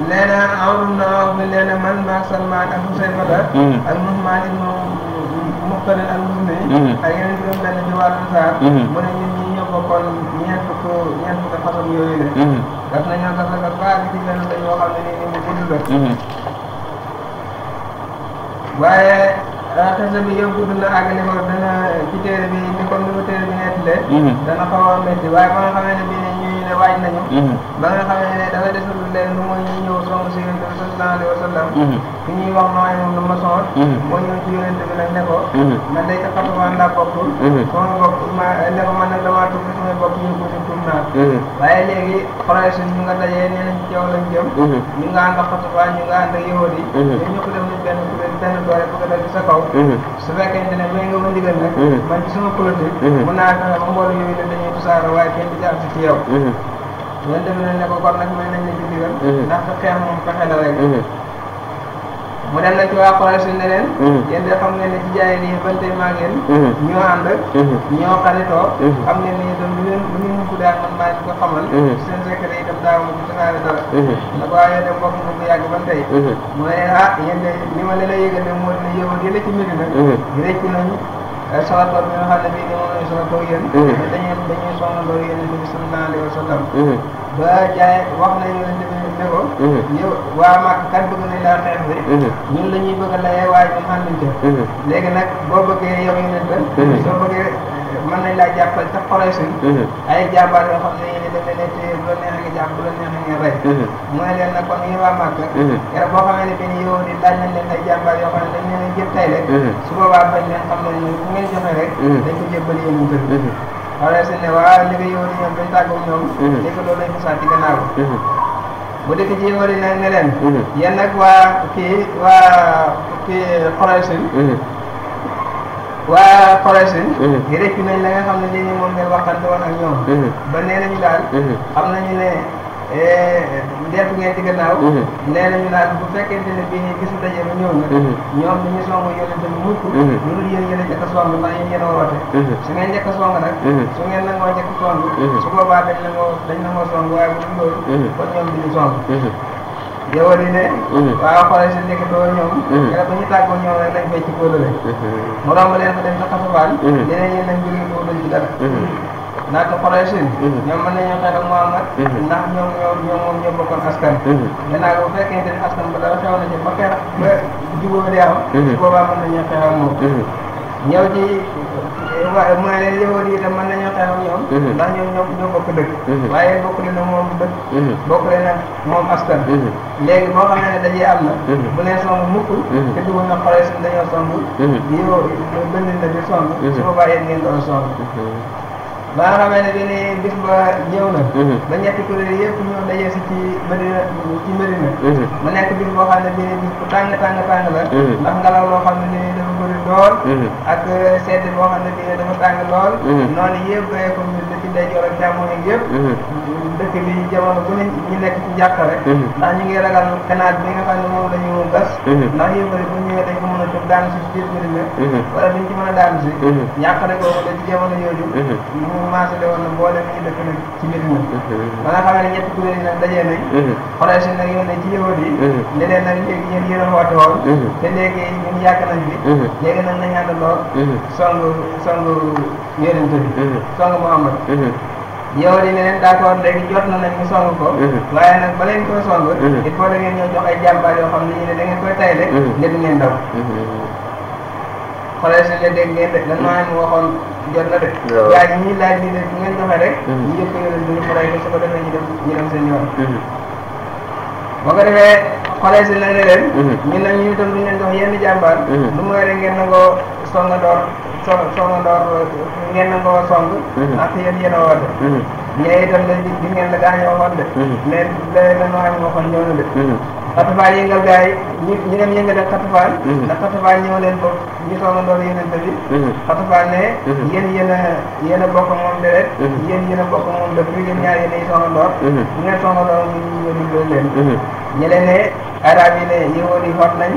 nee na awrum na wax bi nee na man maag Salman ak Husaynata hmm. ak Muhammad ibn Muqtada ak Musni hmm. ak yeneen juróom benn ci wàllu saar hmm. mu ne ñun ñi ñoo bokkoon ñeent fukk ñeent fukk façon yooyu le daf nañoo daf naka baagi ci benn la yoo xam ne nii ni mu gudd la waaye xase ah, bi yow gudd na àggale ko dana ci téere bi ni ko ni ko téere bi nettile dana xaw a métti waaye ba nga xamee ne bi ne waaj nañu mhm. ba nga xam ne dara desul leen lu mooy ñuy ñëw song si yonent bi sallallahu alayhi wa sallam mhm. fi ñuy wax nooy moom lu ma soor mhm. moo ñëw ci yonent bi nag ne ko man day taxatumaa ndaa bokkul sama bopp ma ne ko man nag damaa tudd sama bopp yóbbu si tuum naa waaye léegi xoree suñ ñu nga dajee nee nañ ci yow lañ jëm ñu nga ànd ak xatubaa ñu nga ànd ak yowóot yi ñu ñëpp def nañ benn benn doole bu ko dal ci sa kaw su fekkee ne may nga ma ndigal nag man ci sama politique mun naa fexe ba mbooloo yooyu dañuy tasaaroo waaye kenn du ci agsi ci yow. ñooñu mhm. defe nañ ne ko kon nag may nañ la ci digal. Mhm. ndax xeex moom pexe la rek. Mhm. mu dem nag ci xam ne ci jaay nii ban tey maa ngeen. ñoo ànd. ñoo xaritoo. xam ngeen ni itam lu leen lu ñu mën ko daal man maa ngi ko xamal. seen secret itam daaw ma ko tasaare dara. na ko waaye dem wax nga bu yàgg ban tey. mu ne ah yéen de li ma leen a ne moo dina yóbbu gën a ci mbir nag. rëcc nañu ay soxla tool bi nga xam ne bii soxandoo yéen. dañuy dañuy soxandoo yéen bi sallallahu alayhi wa sallam. ba jaay wax nañ leen ne ko. yow waa Màkka kat bëgg nañ laa xeex bi. ñun la ñuy bëgg a layee waaye ñu xàmmante. léegi nag boo bëggee yow yu ne soo bëggee. mën nañ laa jàppal ca Quraysh ay jàmbaar yoo xam ne yéen a demee ne téye la neexee nga jàpp bu la neexee nga rey mu ne leen nag kon yéen waa Màkka yar boo xamee ne benn yow yoo xam ne dañ leen jëpp rek su boobaa bañ leen xam nañ ne bu ngeen joxe rek dañ ko jébbal yéen mu gën si ne waa li nga yow di ñoom dañ tàggoog ñoom léegi loolu lañ ko sàcc gannaaw bu dëkk ci yow di ne leen yéen nag waa kii waa kii Quraysh waa Quraysh yi mhm. réccu nañ la nga xam ne lii nii moom woon ak ñoom mhm. ba nee nañu daal mhm. xam nañu ne eh, ndeet ngeen ci gannaaw nee nañu daal bu fekkente ne bii gisu daje ba ñëw nga ñoom bi ñu song yonente bi mukk lu dul yéen yéen a njëkk a song ndax yéen yéen a woote su ngeen njëkk a song nag su ngeen nangoo njëkk a song su boobaa dañ nangoo dañ nangoo song waaye bu dul loolu kon bi ñu song yow li ne. Mhm. waaw xoolal si nekk doo ñoom. Mhm. keroog ba ñu tàggoo ñoom rek lañ fay ci kóolóore. Mhm. mu romb leen fa dem sa a ngi bëgg kóolóor ci dara. naa ko xoolal si. ñoom mën nañoo xeex ak Muhammad. ndax ñoom ñoo ñoom moom ñoo bokkoon askan. danaa ko bu fekkee askan ba dara xew na ci ba xeex ba jubóo di am. boobaa mën nañoo xeex ak moom. ñëw ci. waaye mu ne leen yowoot yi itam mën nañoo xeex ak ñoom mhm. ndax ñoom ñoo ñoo bokk dëkk mhm. waaye bokk leen ak moom dëkk mhm. bokk leen ak moom askan léegi boo xam ne dajee am na bu leen song mukk te dugg na xale si dañoo song na ba nga xamee ne bi ne bis ba ñëw na ba ñetti kuréel yëpp ñëw dajee si ci Medina ci Medina mu nekk bis boo xam ne bi ne bu tàng tàng tàng la ndax xam ne li ne lool mhm. ak euh, sedd boo xam ne bii dafa tàng lool mhm. noonu yëpp bàyyi ko ñu dëkk day jor ak jamono yëpp mhm. dëkk bi jamono bu ne ñu nekk ci jàkk rek ndax ñu ngi ragal kanaat bi nga xam ne moom la ñu gas ndax yëppari bu ñëwee dañ ko mën a jóg daan si biir bëriga wala duñ ci mën a daan si ñàkk rek boobu la ci jamono yooyu mu maasale woon na boole ñu dëkk nag ci biir moom ba nga xam ne ñett kuréel yi nag dajee nañ xoree si nag yoon ne ci yëwat yi ne leen nag léegi yéen yéen a woote woon te léegi ñun yàgg nañ bi léegi nag nañ àndandoo. Mhm. song song yonent bi. Mhm. song Muhammad. Mhm. yow di ne leen d'accord na nag ñu song ko. waaye nag ba leen jox ay jàmbaar yoo xam ne ñu ne da ngeen koy tayle. nga du ngeen daw. la dégg ngeen de lan maa ngi de. ñu ne bu dem ñu dem seen yoon. ko defee. xoolee si na ne leen ñun nag ñu itam duñ leen jox yenn jàmbaar mhm. lu mooy rek ngeen nangoo songa door so songa door ngeen nangoo song mhm. ak yéen yéen a woote ñee mhm. itam la di ngeen la gaañoo waxoon de mais la la nooy waxoon ñëw na de xatafaan yëngal gars yi ñu ñu dem yëngal ak xatafaan mhm. ndax xatafaan ñëw leen ko ñu sooma doon yonente bi xatafaan mhm. ne mhm. yéen yéen a yéen a bokk moom deret yéen yéen a bokk moom dëkk bi yéen ñaar yéen ay sooma door bu ngeen sooma door ñu ñu digloo leen ñu leen ne arab yi ne yahóod yi xot nañ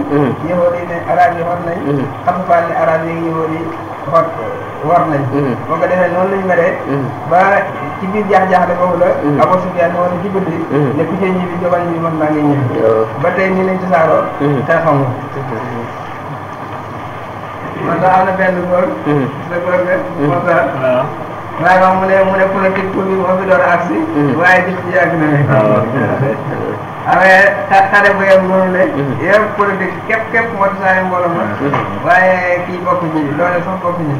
yahóod yi ne arab yi xot nañ xatafaan ne arab yi yahóod yi xot war nañ boo ko defee noonu lañ meree ba ci biir jaax-jaaxle boobu la mm. Abu Sufyaan wala ci bëddi mm. ne ku jee ñi bi jobal ñi mën naa ngi ñëw ba tey nii lañ tasaaroo te mm. xamul man daa am na benn góor sa góor ga moom dara waaye moom mu ne mu ne politique pour bi moo fi door a agsi waaye gis ci yàgg na ne ah, amee xale bu yem noonu ne yow politique képp képp moo tasaare mbooloo ma waaye kii bokk ñi loole sax bokk ñi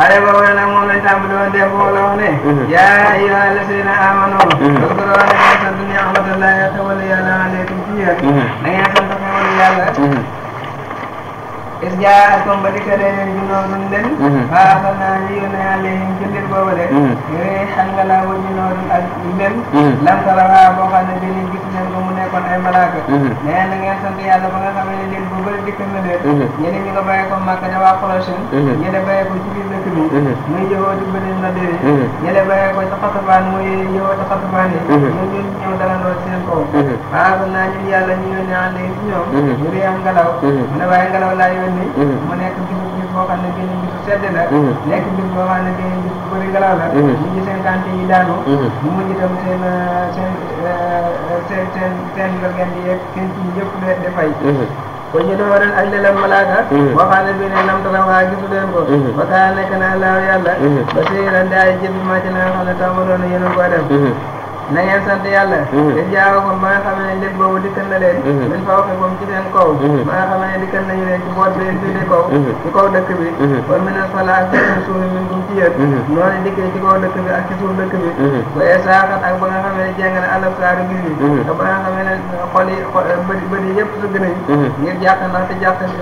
xale boobu nag moom lañ tàmbali woon dee boole woon ne mm-hmm. yaa ayyuha alladina amanu waskuroo da ngeen sant ni amatullahi xewal yàlla aleykum ci yéen da ngeen sant xewal yàlla is jaakum ba dikkalee leen junoo duñ leen waaxal naa ñu yónnee alayhim ci mbir boobu de mhm. yooyu xangalaa ba junoo duñ ak leen mhm. lamtarawaa boo xam ne bi ñu gis leen ko mu nekkoon ay malaaka mais mhm. na ngeen sant yàlla ba nga xamee ne leen bu bëri dikk na leen ñeneen ñi ko bàyyi ko màkk ne waa Xorosin ñene bàyyi ko ci biir dëkk bi muy jëwoo di bëri na déri ñene bàyyi ko ci xotobaan muy jëwoo ci xotobaan yi ñu ñun ñëw dalandoo seen kaw waaxal naa ñun yàlla ñu yónnee alayhim ci ñoom ñu dee am ngelaw mu ne waaye ngelaw laa nii mhm. mu nekk bis bis boo xam ne sedd la nekk bis boo xam ne génn bis la ñu mhm. ngi mhm. seen kante yi daanu mu mujj itam seen euh, euh, seen seen seen yi yëpp la dafay kon ñu doon waral ak lelem malaaka boo xam ne ne lam taram waa gisu leen ko ba kaa nekk naa laaw yàlla ba séeran daay jëf ma ci la nga xam doon yéen a ko def na ngeen sant yàlla te jaawakom ba nga xamee ne lépp boobu dikkal na leen min faw xe moom ci seen kaw ba xamee ne bi leen fii di kaw ci kaw dëkk bi wa minal falaa seen suuf min kum ci yëg ba esaaxat ak ba nga xamee ne jeng na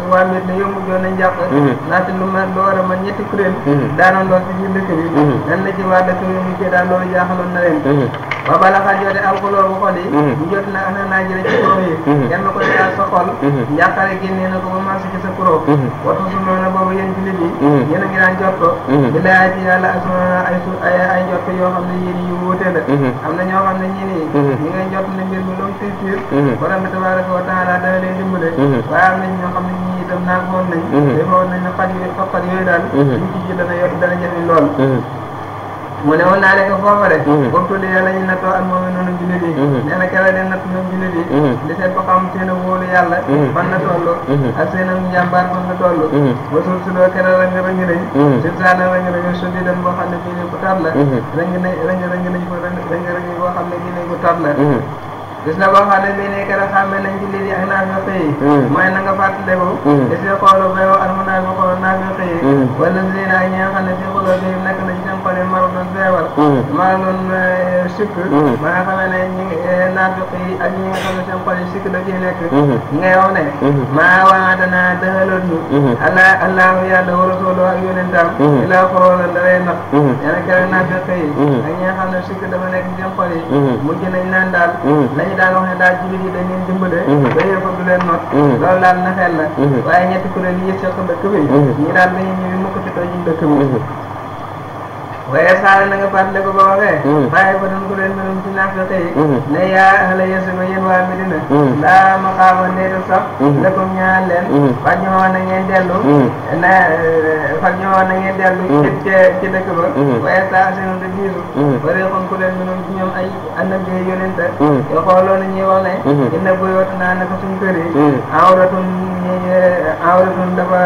waa mbir ne yomb joon nañ jàq ndaxte war a man ñetti kuréel daanoon doon ci biir dëkk bi dan la ci waa dëkk bi mu jee daan loolu jaaxaloon na leen wa balaxa joote alxuloobu xol yi ñu mhm. jot na ana naa jële ci kuró yi yal na ko daal sa xol mhm. njàqare génnee na ko ba marché ci sa kuró mhm. wata suloon na boobu yéen jullit yi yéen a ngi daan jot ko bi laa ci yàlla asmaa ay su ay ay jot ko yoo xam ne yéen yu wuute la am na ñoo xam ne ñi nii ñi ngay jot ne mbir mi lu mu tiir tiir borom bi tabaraka wa taala dana leen dimbale waaye am nañ ñoo xam ne ñi itam naag woon nañ defoon nañ na xat yi xat yooyu daal ñu ci ji dana yor dana jëriñ lool mu ne woon naa nekk foofa de boobu mhm. tudd yàlla ñu nattoo ak moom noonu jullit yi mhm. nee na keroog de natt ñoom jullit yi mhm. di seet xam seen wóolu yàlla fan na toll ak am njàmbaar fan na toll ba si doo keroog rëng rëng nañ suuf saa na bu tab rëng rëng rëng nañ ko bu tab gis na boo xam ne bii nii keroog xàmme nañ ci lii di ak naafeq yi hmm. mooy na nga fàttaliku hmm. gis nga xoolu béyo almunaa bi xool naafeq yi hmm. wala lii naa ñi nga xam ne fii xuloo bi nekk na ci seen xol yi maradun feebar maradun eh, sikk ba nga xamee ne ñi eh, naafeq yi ak ñi nga xam ne seen xol yi sikk da ciy nekk ngay wax ne maa waadanaa dëxaloon ñu allah allahu yàlla wa rasulu ak yonentam ilaa xoroona dalay nax yene keroog naafeq yi ak ñi nga xam ne sikk dafa nekk ci seen xol yi mujj nañ naan daal daan wax ne daal jullit yi dañ leen dimbale mhm. ba yéefar du leen not mhm. loolu daal na xel la mhm. waaye ñetti kuréel yi yëpp soo ko dëkk bi ñii daal dañuy ñëw mukkati doo jiñ dëkk bi waaye saare na nga fàttali ko ba waaye ba doon ko leen mënum ci naaf tey mm. ne yaa ahla yasuba yéen waa Medina mm. laa maqaama ndeetu sax mm. lakum ñaan leen fag ñu woon na ngeen dellu na fag ñu woon na ngeen dellu ci ci ba waaye saa sinu da diisu bari xon ku leen ci ñoom ay annabi yonente yoo xooloo na ñuy wax ne inna buyoot naa naka suñ kër yi awratun eh, awratun dafa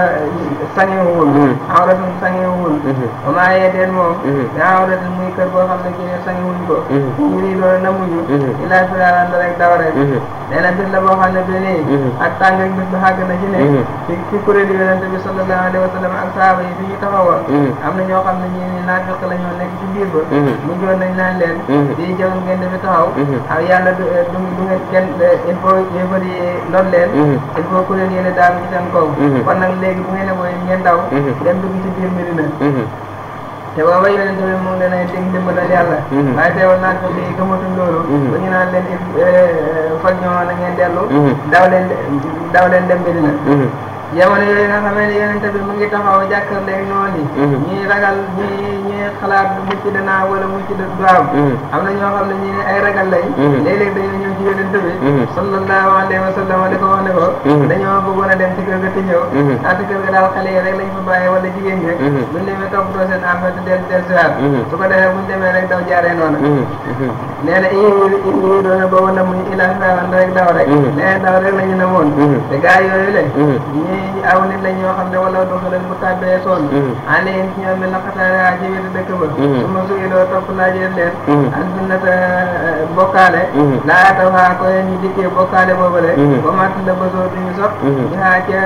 sangeewul awratun sangeewul mm-hmm. amaaye deen moom mm-hmm. Mm-hmm. a rek muy kër boo xam ne kii sañuwuñ ko ñu mm-hmm. ni loolu namuñu mm-hmm. da rek daw rek nee na bis la boo xam ne bi nii na ci ne ci ci kuréelu yonente bi sallallahu alayhi bi ñu taxawoon am na ñoo xam ne ñii ni naafiq la ñoo nekk ci biir ba mu joon nañ naan leen di jëm ngeen dafi taxaw ak yàlla eh, du du ngeen kenn eh, il faut yëfari lor leen il faut kuréel yéene daal ci seen kaw kon nag léegi bu ngeen te booba yonent bi mu ngi leen ay a ndimbalal yàlla. Mm-hmm. waaye teewal naa ko fii gëmatuñ loolu. Mm-hmm. ba ñu naan leen eh, fag ñoo na ngeen dellu. Mm-hmm. daaw leen daaw leen dem jamono yooyu nga xamee ne yonente bi mu ngi taxaw jàkkaarloo noonu yi mhm. ñuy ragal ñuy ñuy xalaat mucc danaa wala mucc da du am mhm. am na ñoo xam ne ñu ay ragal lañ mhm. léeg-léeg dañoo ñëw ci yonente bi sallallahu alayhi wa sallam da ko wax ne ko dañoo bëggoon a dem ci kër ga te ñëw naata kër ga daal xale yi rek lañ fa bàyyi wala jigéen ñi buñ demee toppatoo seen affaire del del siwaat su ko defee buñ demee rek daw jaaree noonu nee na ii doona boobu na muy ilaa rek daw rek nee daw rek la ñu ne woon te gaa yooyu le yi aw nit la ñoo xam ne wala doxalan bu tàbbee toon mm-hmm. alayhim ci ñoom mi laqataana jëmee dëkk ba mm-hmm. su ma suyiloo topp laajeen leen mm-hmm. al sunnata eh, bokkaale laa taw xaa ko leen ñu dikkee bokkaale boobale ba mat la bësoo duñu sox ñaa ca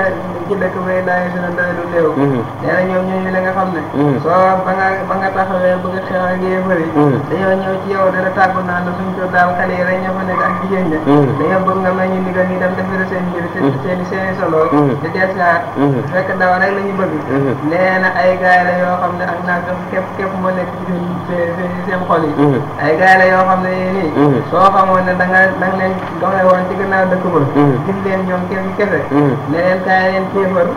ci dëkk fay daay suna doy lu néew mhm. nee na ñoom ñooñu la nga xam ne mhm. soo ba nga ba nga taxawee a xeex ak yéefar yi mhm. dañoo ñëw ci yow dara tàggu rek ñu ndigal ñu dem defar seen mbir seen seen solo di deslaat fekk daw rek la ñu bëgg nee ay gaay yoo xam ne ak naa képp képp moo nekk ci seen seen xol yi ay gaay yoo xam ne yéen nii soo xamoon ne da nga da leen doxe woon ci gannaaw dëkk ba gis leen ñoom kenn kese ne leen kaay kéefar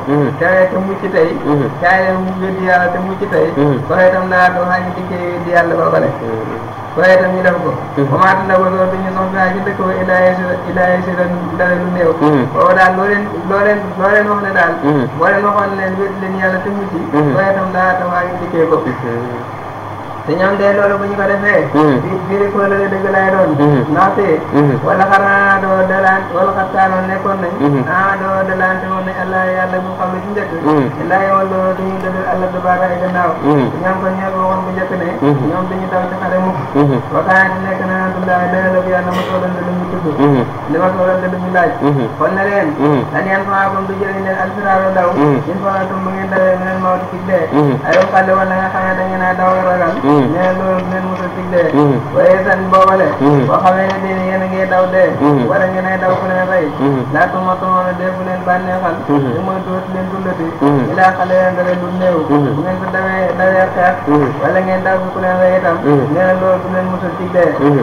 tere te mucc tey kaay mm-hmm. leen mu weddi yàlla te mucc tey koxe mm-hmm. itam naa ko xañ ci kii weddi yàlla ba bale koxe mm-hmm. itam ñu def ko bamaata nda waloo bi ñu sox binaa ci dëkk ba idaye si idaye si la dara lu néew boobu daal loo leen loo leen loo leen wax ne daal boo leen waxoon leen weddi leen yàlla te mucc koxe itam naa ko xañ ci kii ko te ñoom de loolu bu ñu ko defee. Hmm. di biir kóolóore dëgg lay doon. Hmm. ndaxte. Hmm. wala xanaa doo dalaan wala xattaanoon nekkoon nañ. ah doo dalaan te woon ne allah yàlla mu xam ne njëkk. lay wala duñu dëgg allah du baara ay gannaaw. ñoom kon ñoo ko waxoon bu njëkk ne. ñoom duñu daw ci xare mukk. waxaana nekk na alhamdulilah dana la bu yàlla ma toolam de lu ñu tudd. ma toolam de lu laaj. kon na leen. lan yan faa kon du jëriñ leen alfiraaro ne da ngeen a daw ragal nee loolu leen mos a diglee waaye san boobale boo xamee ne dee yéen a ngi daw dee wala ngeen ay daw ku leen rey laa tuma tumoona dee bu leen bànneexal li mooy dootu leen dundati ilaa xale leen dara lu néew bu ngeen ko dawee dawee xeex wala ngeen daw ku leen rey itam nee loolu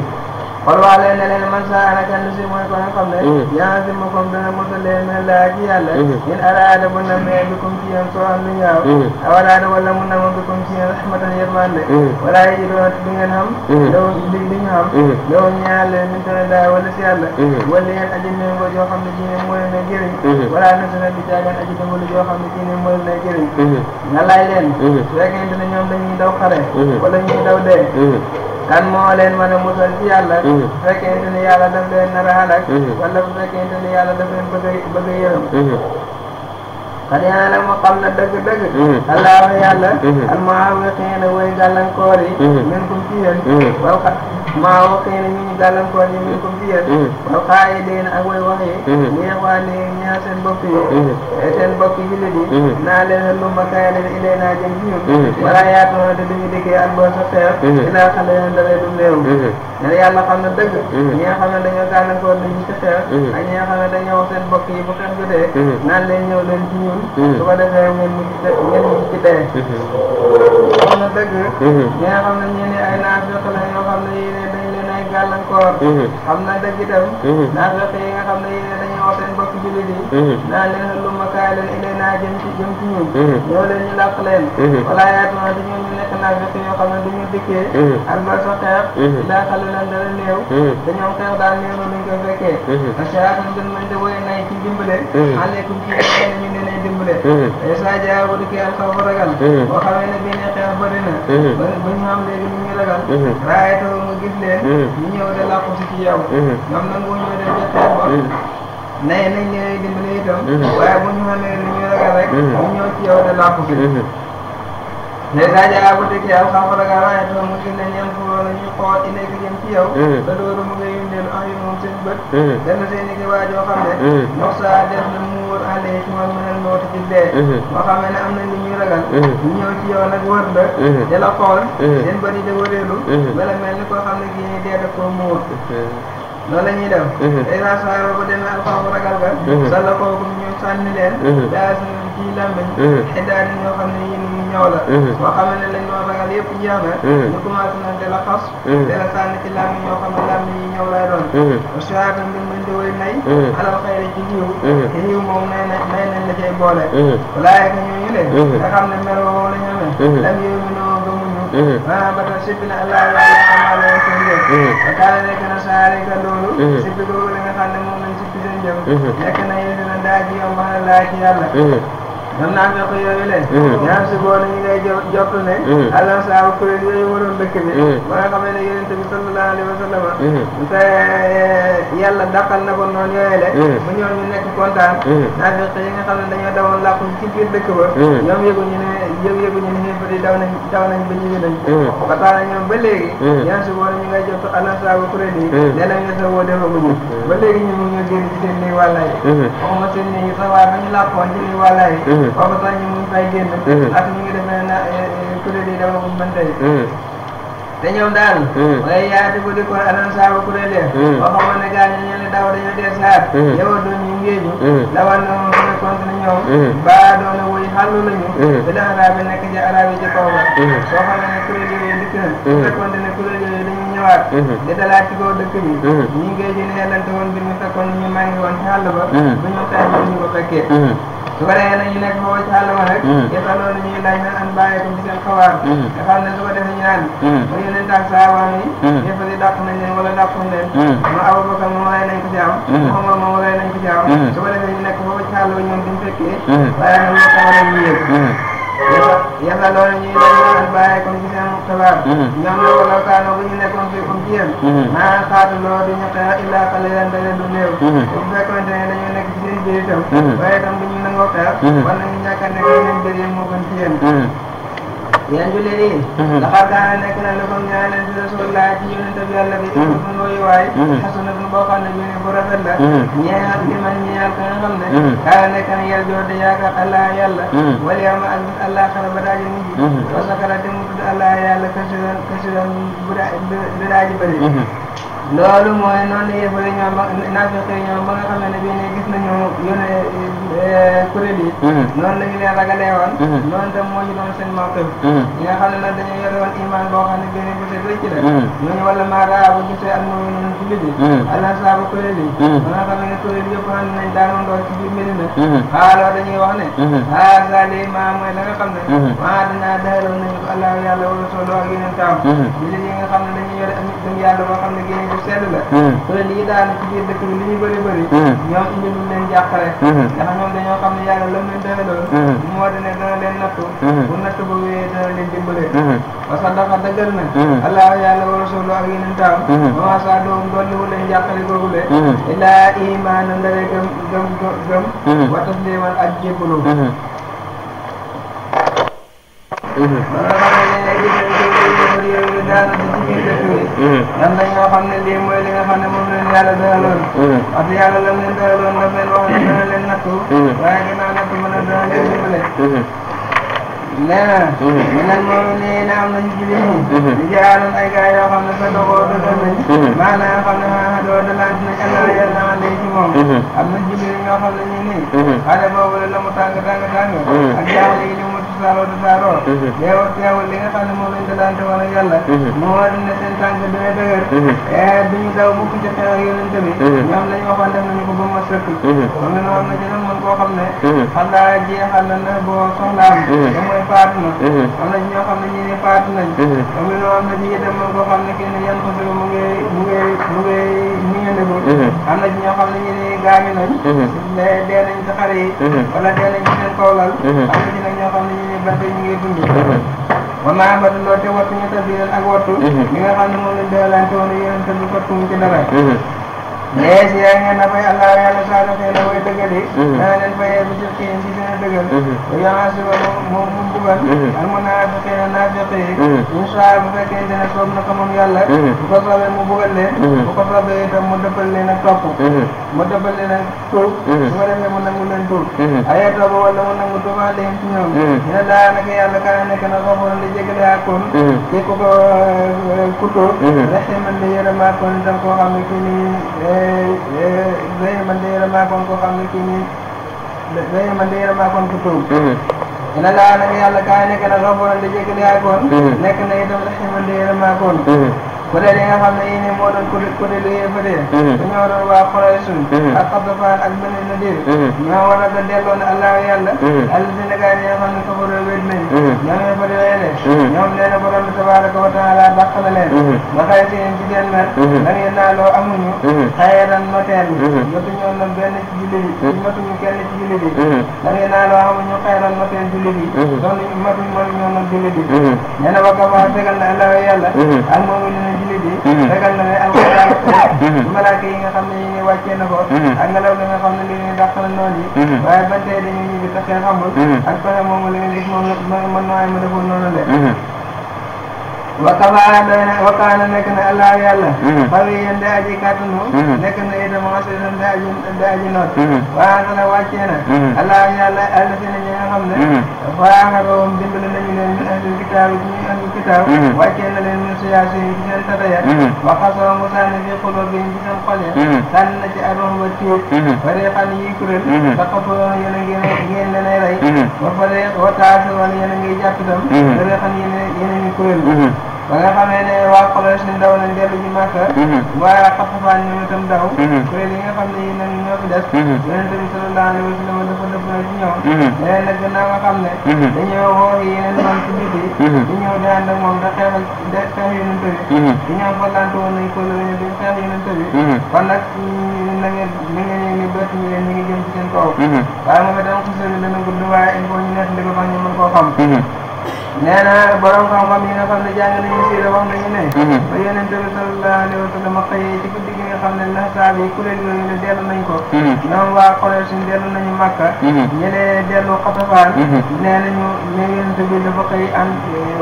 xol waa leen ne leen man saa ana kenn si mooy ko nga mm-hmm. yaa si ma comme dana mosa leen ne laa ci yàlla mm-hmm. in araada bu namee bi comme ci yéen soo am lu ñaaw mm-hmm. aw araada wala mu nama bi comme ci yéen rahmatan yërmande wala yi doon du ngeen xam law li li ñu xam law ñaar leen min tane daa wala si yàlla wala yéen aji méngoo joo xam ne diine mooy na jëriñ wala nasana di jaagaan aji dëngalu joo xam ne diine mooy na jëriñ nga laaj leen su fekkente ne kan moo leen mën a musal ci yàlla mm-hmm. bu fekkente ni yàlla leen nar a halak mm-hmm. wala bu fekkente ni yàlla daf leen bëgg a bëgg xad yaalamu xam na dëgg dëgg mm-hmm. allahu yàlla mm-hmm. al muawiqiina way gàllankoor yi mm-hmm. min kum ci yéen waaw muawiqiina ñu ñu gàllankoor yi min kum ci yéen waaw xaayidiina ak way wax yi ñee waa ni ñaa seen bopp yi eh, seen bopp yi jullit yi naa leen lu ma kaay leen ilay naa jëm ci ñun wala yaatuona te duñu dikkee ak boo sa teew ilaa xale yoon dalay dum réew ne yàlla xam na dëgg ñi nga xam ne dañoo gàllankoor dañu ci teew ak ñi nga xam bu xeex jotee naan leen ñëw leen Mm-hmm. su ko defee ngeen mu ci ngeen mu ci tey mm-hmm. wax na dëgg mm-hmm. ñi nga xam ne ñeen ay naaf yoo xam ne yoo xam ne yéen gàllankoor. Mhm. xam mhm. xam ne yéen dañuy wax seen bopp jullit mhm. lu ma kaay leen ilay naa jëm ci leen ñu làq leen. wala yaatuma di ñu nekk naafeq yoo xam ne duñu xeex. daal néew na duñ ko fekkee. parce que yaakaar gën ñu ne nay dimbale. te saa jaa bu dikkee alxaw ba ragal. boo xamee ne benn ñu xam léegi ñu ngi ragal. gis leen. ñu ñëw de làqu si ci yow mhm. ñoom nangu ñëw de jettee ba nay nañ leen dimbali itam mhm. waaye bu ñu xamee lu ñu ragal rek mhm. ñu ñëw ci yow de làqu si léegi daal di àggu dëkk yow xam nga waaye dama mujj na ñeent wala ñu xool nekk jëm ci yow. te mm. loolu mu ngi yundeel ay moom seen bët. dana mm. seen i waajoo xam ne. ndox mm. saa def na mu wóor àll yi ci moom mu leen mooti ci ne am na li ñuy ragal. ñu ñëw ci yow nag wër la. di la xool. seen bët yi mel ni koo xam ne kii nii dee da koo muur. loolu la ñuy def. émission mhm. bi ba demee alxamu ragal ba. salla kooku ñu sànni leen. Mhm. daal di ci lambeñ. xiddaat ñoo xam ne yéen ñu ñëw la. Mhm. boo xam ne lañ doon ragal yëpp jeex na. ñu commencé nañ de la xas. de la sànni ci lambeñ ñoo xam ne lambeñ yi ñëw lay doon. su waay tam dañ leen di wéy nay. alal xëy ci jiw. te jiw moom nay nañ nay nañ la cay boole. walaay ak ñooñu de. nga xam ne melo woowu la ñu amee. lam yooyu ñu mahamata mm-hmm. sibbina allah yàlla amaala ya seen jëf mm-hmm. ba kaala nekk na saalika loolu mm-hmm. sibbi googu li nga xam ne moom lañ sibbi seen jëf nekk na yéen na daa ji yow wax ñoom naa fekk yooyu leen hmm. ñaam si boo nañu ngay jot ne hmm. allah saabu kuréel yooyu waroon dëkk bi hmm. ba nga xamee ne yonente bi sallallahu alayhi wa sallam te eh, yàlla dàqal na ko noonu yooyu le mu ñëw ñu nekk kontaan naa fekk yi nga xam ne dañoo dawoon làqu ci ne yëg yëguñu ne ñëpp di daw nañ daw nañ ba ba tax na ñoom ba léegi ñaam si boo nañu ngay jot allah saabu kuréel ba léegi ñu mu ñu génn ci seen nii wàllaay waxuma seen nii sax waaye ba ñu làqoon ci nii Mmh. xaw ma ñu ngi fay génn. Mmh. ak ñu ngi defee na eh, eh, kuréel yi dafa ko mën tey. Mmh. te ñoom daal. waaye yaa ngi dugg di ko anan saabu kuréel yi. waxoon ma ne gars ñu ne daw dañoo dee saar. yow doon ñu ngéeju. lawal na moom mooy contre ñoom. baa doon na wuy xàllu lañu. bi la arabe nekk ci arabe ci kaw ba. soo xamee ne kuréel yooyu dikk na. su fekkoon ne kuréel yooyu dañu ñëwaat. di dalaat ci kaw dëkk bi. ñu ngéeju ne yàllante woon bi ñu fekkoon ñu maa ngi woon xàll ba. bu ñu tànn ñu ko fekkee. su ko defee nañu nekk boobu ci àll ba rek yeta mm-hmm. loolu ñuy laaj na an bàyyeekum ci seen xabaar nga xam ne su ko defee ñu naan mm-hmm. ba yonent ak sahabaam yi mm-hmm. ñëpp di dàq nañ leen wala dàquñ leen ma Abubakar moom rey nañ ko ci am Omar moom rey nañ ko ci am su ko defee ñu nekk boobu ci àll ba ñoom duñ fekkee waaye am na xabaar ñu yëg yàlla loolu ñuy dañaan bàyyi kon ci seen xibaar ñoom ne wala kaano bu ñu nekkoon fi comme ci yéen maa xaatu loolu du ñu xeex illaa qalilan da leen du néew bu fekkoonte ne dañoo nekk ci seen biir itam waaye itam bu ñu nangoo xeex war nañu ñàkk a nekk seen biir yi moo gën ci yéen Mhm. Mhm. Mhm. yéen julli nii. yàlla la. ka nga xam ne. daa nekk na yàlla jooju yaakaar allah yàlla. wala allah xara ba daal di mujj. wasakara te mu tudd allah yàlla kasiran kasiran bu loolu mooy noonu la yëpp ñoom ba naafiq yi ñoom ba nga xam ne bii nii gis nañu yónne eh, kuréel yi. Mm-hmm. noonu la ñu leen ragalee woon. Mm-hmm. noonu tam moo ñu doon seen mawqif. Mm-hmm. ñi nga xam ne nag dañoo yore woon imaan boo xam ne bii nii bu set rëcc la. ñooñu wala maara bu gisee ak ñoom ñoom ci liggéey. alaasaabu kuréel yi. ba nga xam ne kuréel yëpp xam nañ daanoon doon ci biir mbir mi. xaaloo dañuy wax ne. ah saa lii maa mooy la nga xam ne. waaw dinaa delloo nañu ko allah yàlla wala solo ak yeneen taam. li nga xam ne dañuy yore am yàlla boo xam ne lenn la su ne lii ci dëkk bi li ñu bëri bëri indi leen jàppale ndax ñoom dañoo xam ne yàlla lam leen doyaloon leen nattu bu natt ba wéyee dana leen dimbale parce que dafa dëggal na allah yàlla wa rasulu ak yeneen taam mama sa doom doon liwu leen jàppale googule illaa imaana ndare gëm gëm gëm wa tasliman ak jébbalu Mm-hmm. yàlla yi nga xam ne lii mooy li nga xam ne moom leen yàlla dëgaloon mm-hmm. parce que yàlla lam leen dëgaloon daf leen wax ne dana leen nattu mm-hmm. waaye ginnaaw nattu mën a dana leen dimbale nee na ñu nen moom nii ne am nañu jullit ñi di jaaloon ay gars yoo xam ne sa dogoo dëggal nañ maanaam nga xam ne maa doo dalaan dinañ àndaa yàlla naa lay ci moom am na jullit ñoo xam ne ñu nii xale boobu la mu tàng tàng tàng ak jaawle yi saaro di saaroo mhm. teewal teewal li nga xam ne moom lañ ko daan defoon ak yàlla mhm. moo war ne seen tànk dina dëgër mhm. eh, bi ñu daw mukk ci xeex ak yeneen tamit ñoom lañ waxoon ko ba mu sëkk moom la noon na jënam moom koo ne xam naa jeexal boo soxlaam ba mooy faatu na am na ñoo xam ne ñu ne faatu nañ moom la na ci itam moom koo xam ne kii ne yan ko sëkk mu ngi mu ngi mu ngi na ci ñoo xam ne ñu ne gaañu nañ dee nañ ci xare yi wala dee nañ ci seen kawlal am na ci nag ñoo xam ne ba tey ñu ngi dund wa maa ba loolu te wattuñu tasdiiral ak wattu mm-hmm. li nga xam ne moom lañ doyalante woon yonente bi ko tum ci dara mm-hmm. mais si yaay ngeen na fay allah yàlla saaka fee la koy dëggal yi dana mhm. leen fayee bi jëf kii si dina dëggal mhm. yomaa si mu buggal ak mu mhm. naa fekkee na naa fekkee incha allah bu fekkee dina soob na ko moom yàlla bu ko soobee mu buggal leen bu ko soobee itam mu dëppal leen ak topp mu dëppal leen ak tur mu nangu leen tur topp mu nangu leen ci ñoom dina daa naka yàlla kaa nekk na ko xool li jégale akoon te ku ko eh, kutoo reximan li yërëm akoon itam koo xam ne kii nii eh, looyee man de yàlla maakoon koo xam ne kii nii looyee man de yàlla maakoon ko tuub. dina laa nag yàlla kaay nekk na roboon di jégalu yaakoon. nekk na itam la ximan de yàlla maakoon. kuréel yi nga xam ne yii nii moo doon kuréel kuréelu yéefaree dañoo doon waa Quraysun mhm. ak Xatafaan ak Bani Nadir mhm. ñoo war a delloo ne allahu yàlla alladina mhm. gaa yi nga xam ne kafaroo wéet nañ ñoom yéefar yooyu ne ñoom nee na borom bi tabaraka wa taala dàq na leen ba xëy si yéen ci benn la ngeen naaloo amuñu xëye nan noteel jotuñu woon benn ci julli yi jotuñu kenn ci julli yi la ngeen naaloo dindi loolu matu loolu ñoo mën dindi dindi nee na waka waa tegal na allah yàlla mhm. ak moomu dina julli bi mhm. tegal na ne alxuraan mhm. malaaka yi nga xam ne yi wàccee na ko ak ngelaw li nga xam ne li ne dàq na noon yi waaye ba tey dañuy ñibbi tax xamul ak pexe moomu li nga gis moom mën naa ay ma defoon noonu de wakamaa doy na wakaana nekk na allah yàlla xawi mm-hmm. yéen da aji kàttanu mm-hmm. nekk na itam masidan da aji da aji noot mm-hmm. waanala wàccee na allah yàlla allafina ñi nga xam ne waana boobu dimbali nañu leen ñu andi kitaabu ci ñu andi kitaabu wàccee na leen ñu siyaasi yi ci seen tataya waxasoo mu sànni fi xulo bi ci seen xol ya sànni na ci aroon ba tiib bari xan yi kuréel taqapoon yéen a ngeen ngeen leen ay rey ba pare wa taasi wala yéen a ngay jàpp tam bari xan yéen a ngi kuréel ba nga xamee ne waa Quraysh ni daw nañ dellu ji Màkka mhm. waaye waa Xatafaan ñoom itam daw mhm. kuréel yi nga xam ne yi nag ñoo des mhm. yonente bi sallallahu alayhi wa sallam dafa dëpp na ci ñoom leneen nag gannaaw nga xam ne dañoo woo yeneen man ci biti di di ànd ak moom da xeexal da xeex yonente bi di ñoom xollante woon nañ ko lëne di xeex yonente bi kon nag na ngeen na ngeen yéen ni bët ñu leen ñu ngi jëm ci seen kaw waaye moom itam xisa bi ko tax nee na borom xam-xam yi nga xam ne jàng nañu siira wax nañu ne. Mhm. ba yonent bi sallallahu alayhi wa sallam xëyee ci guddi gi nga xam ne nasaab yi kuréel yooyu la dellu nañ ko. Mhm. ñoom waa Quraysh dellu nañu Makka. Mhm. ñeneen dellu Xatafaan. nee nañu ne yonent bi dafa xëy am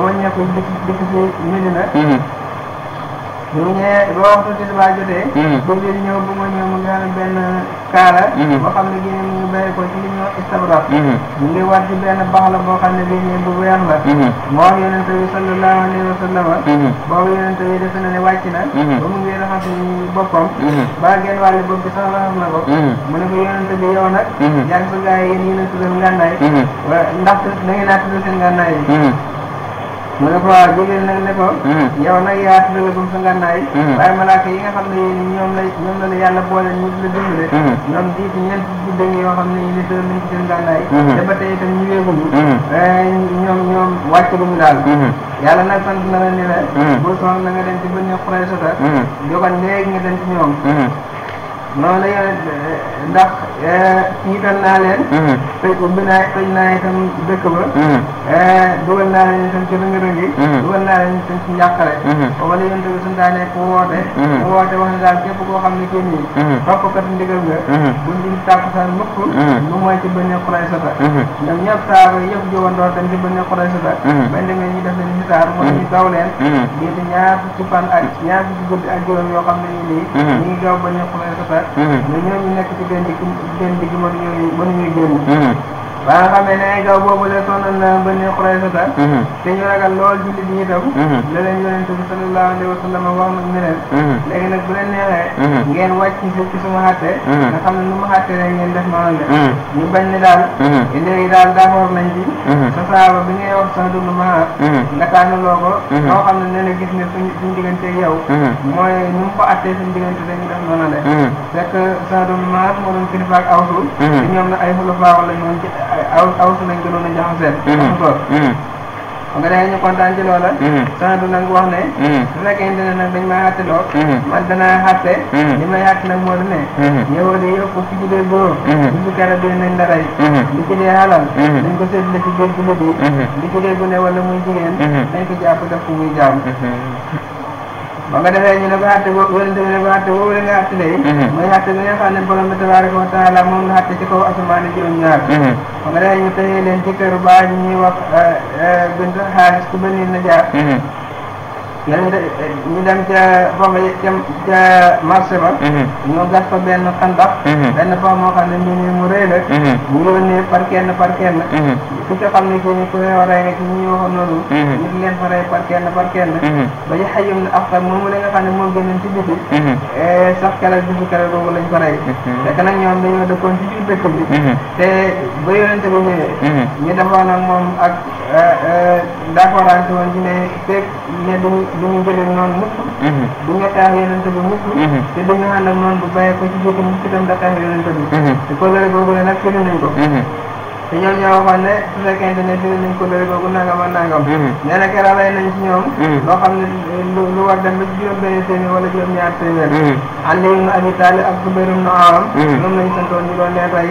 wàññeeku dëkk dëkk si Medina. bi mu ñëwee ba waxtu tisbaar jotee boobu mm-hmm. di ñëw bu ma ñëw mu ngi am benn kaala mm-hmm. boo xam ne génne mu ngi bàyyi ko ci li ñoo istabraq mu mm-hmm. ngi war ci benn bax la boo xam ne bii nii bu weex la moo wax yonente bi sallallahu alayhi wa sallam boobu yonente bi defe na ne wàcc na ba mu ngi raxas boppam ba genn wàllu bopp bi sax raxas na ko mu ne ko yonente bi yow nag yaa ngi sa gars yi yéen yéen a tuddal ngànnaay ndax da ngeen a tuddal seen ngànnaay yi mu ne ko waaw jógee nag ne ko mm-hmm. yow nag yaa tuddee gum sa ngànnaay mm-hmm. waaye malaaka yi nga xam ne yéen ñoom la ñoom la la yàlla boole ñu la dimbale mm-hmm. ñoom diit ñeent guddeeg yoo xam ne yi ni tëral ñoom ñoom wàccaguñu daal yàlla nag sant na ni la bul soxla na nga dem ci bënn xuree sota jogal léegi nga dem ci ñoom loolu ndax siital naa leen. tey ubbi naa tëj naa itam dëkk ba. dugal naa leen itam ci rëng-rëng yi. dugal naa leen itam ci njàqare. wala yéen tamit suñu daan nekk woote. woote wax ne daal képp koo xam ne kenn nii. toppkat ndigal nga. buñ ci tàkku sa mukk. lu mooy ci benn xurey sata. ndax ñëpp saaba yëpp jógandoo dem ci benn xurey sata. bañ demee ñu def leen xisaar mooy ñu daw leen. génn ñaar fukki fan ak ñaar fukki guddi ak juróom yoo xam ne nii. ñu ngi daw benn mais ñooñu nekk ci benn digg benn digg mënuñoo mënuñoo génn. ba nga xamee ne gaaw boobu la sonal na Bani Qurayza mhm. te ñu ragal lool jullit ñi itam mhm. la leen yonente bi sallallahu alayhi wa sallam wax nag ne leen mhm. léegi nag bu leen neexee ngeen wàcc suuf ci suma xàtte nga xam ne nu ma xàtte rek ngeen def maanaam de ñu bañ ne daal léegi daal d'accord nañ ci sa saaba bi ngay wax sax dund maanaam ndakaanu loo ko loo xam ne ne la gis ne suñ suñ diggante yow mooy nu mu ko attee suñ diggante dañu def noonu de fekk sax dund maanaam moo doon kilifa ak awsu ñoom na ay xulafaa lañ woon ci aw aw nañ gënoon a jaxaseel. jaxasoor. Mhm. xam nga da mhm. nga ñu kontaan ci loola. Mhm. sanadu nag wax ne. su fekkente ne nag dañ may àtteloo. man danaa àtte. li may àtte nag moo di ne. ñëwoo di yokk ci biir góor. bisu keroog bi nañ la rey. li ci dee alal. li ci dee bu ne wala muy jigéen. dañ ko jàpp def ko muy jaam. ba nga defee ñu ne ko àtte boobu wala ñu ne ko àtte boobu la nga àtte day mhm. mooy àtte bi nga xam ne borom bi tabaaraka wa taala moom la àtte ci kaw asamaan juróom-ñaar mhm. ba nga defee ñu tëjee leen ci kër baa ñuy wax euh, euh, bint xaalis ku bëri na jaar mhm. ñooñu de eh, ñu dem ca booba jëm ca marché ba. Mhm. ñu gas fa benn xandax. Mhm. benn foo moo xam ne nii mu rëy la. ñu mhm. yónnee par kenn par kenn. ku ca xam ne ku ñu ku ñu rey rek ñu ñu waxoon noonu. ñu ngi leen fa rey par kenn par kenn. ba ñu xajum ne ak moom la nga xam ne moom gënoon ci sax keroog bisu keroog boobu lañ ko rey. fekk nag ñoom dañoo dëkkoon ci biir dëkk bi. te ba yónnante ba ñëwee. ñu defoon moom ak eh, eh, d' accord ak woon ci ne fekk ne du. du ñu jëlee noonu mukk du mhm. ñu taax yonente bi mukk mhm. te du ñu ànd ak noonu bu bàyyee ko ci jëkk mukk itam da taax yonente bi mhm. te kóllare googu nag firi nañ ko te ñoom ñoo waxoon ne su fekkente ne firi nañ ko lële nangam ak nangam. Mhm. nee na rey nañ si ñoom. Mhm. loo xam ne lu lu war dem ba juróom-benn téeméer wala juróom-ñaar téeméer. Mhm. ak Abi Taalib ak Zubayr ibn Awam. ñoom lañ santoon ñu doon leen rey.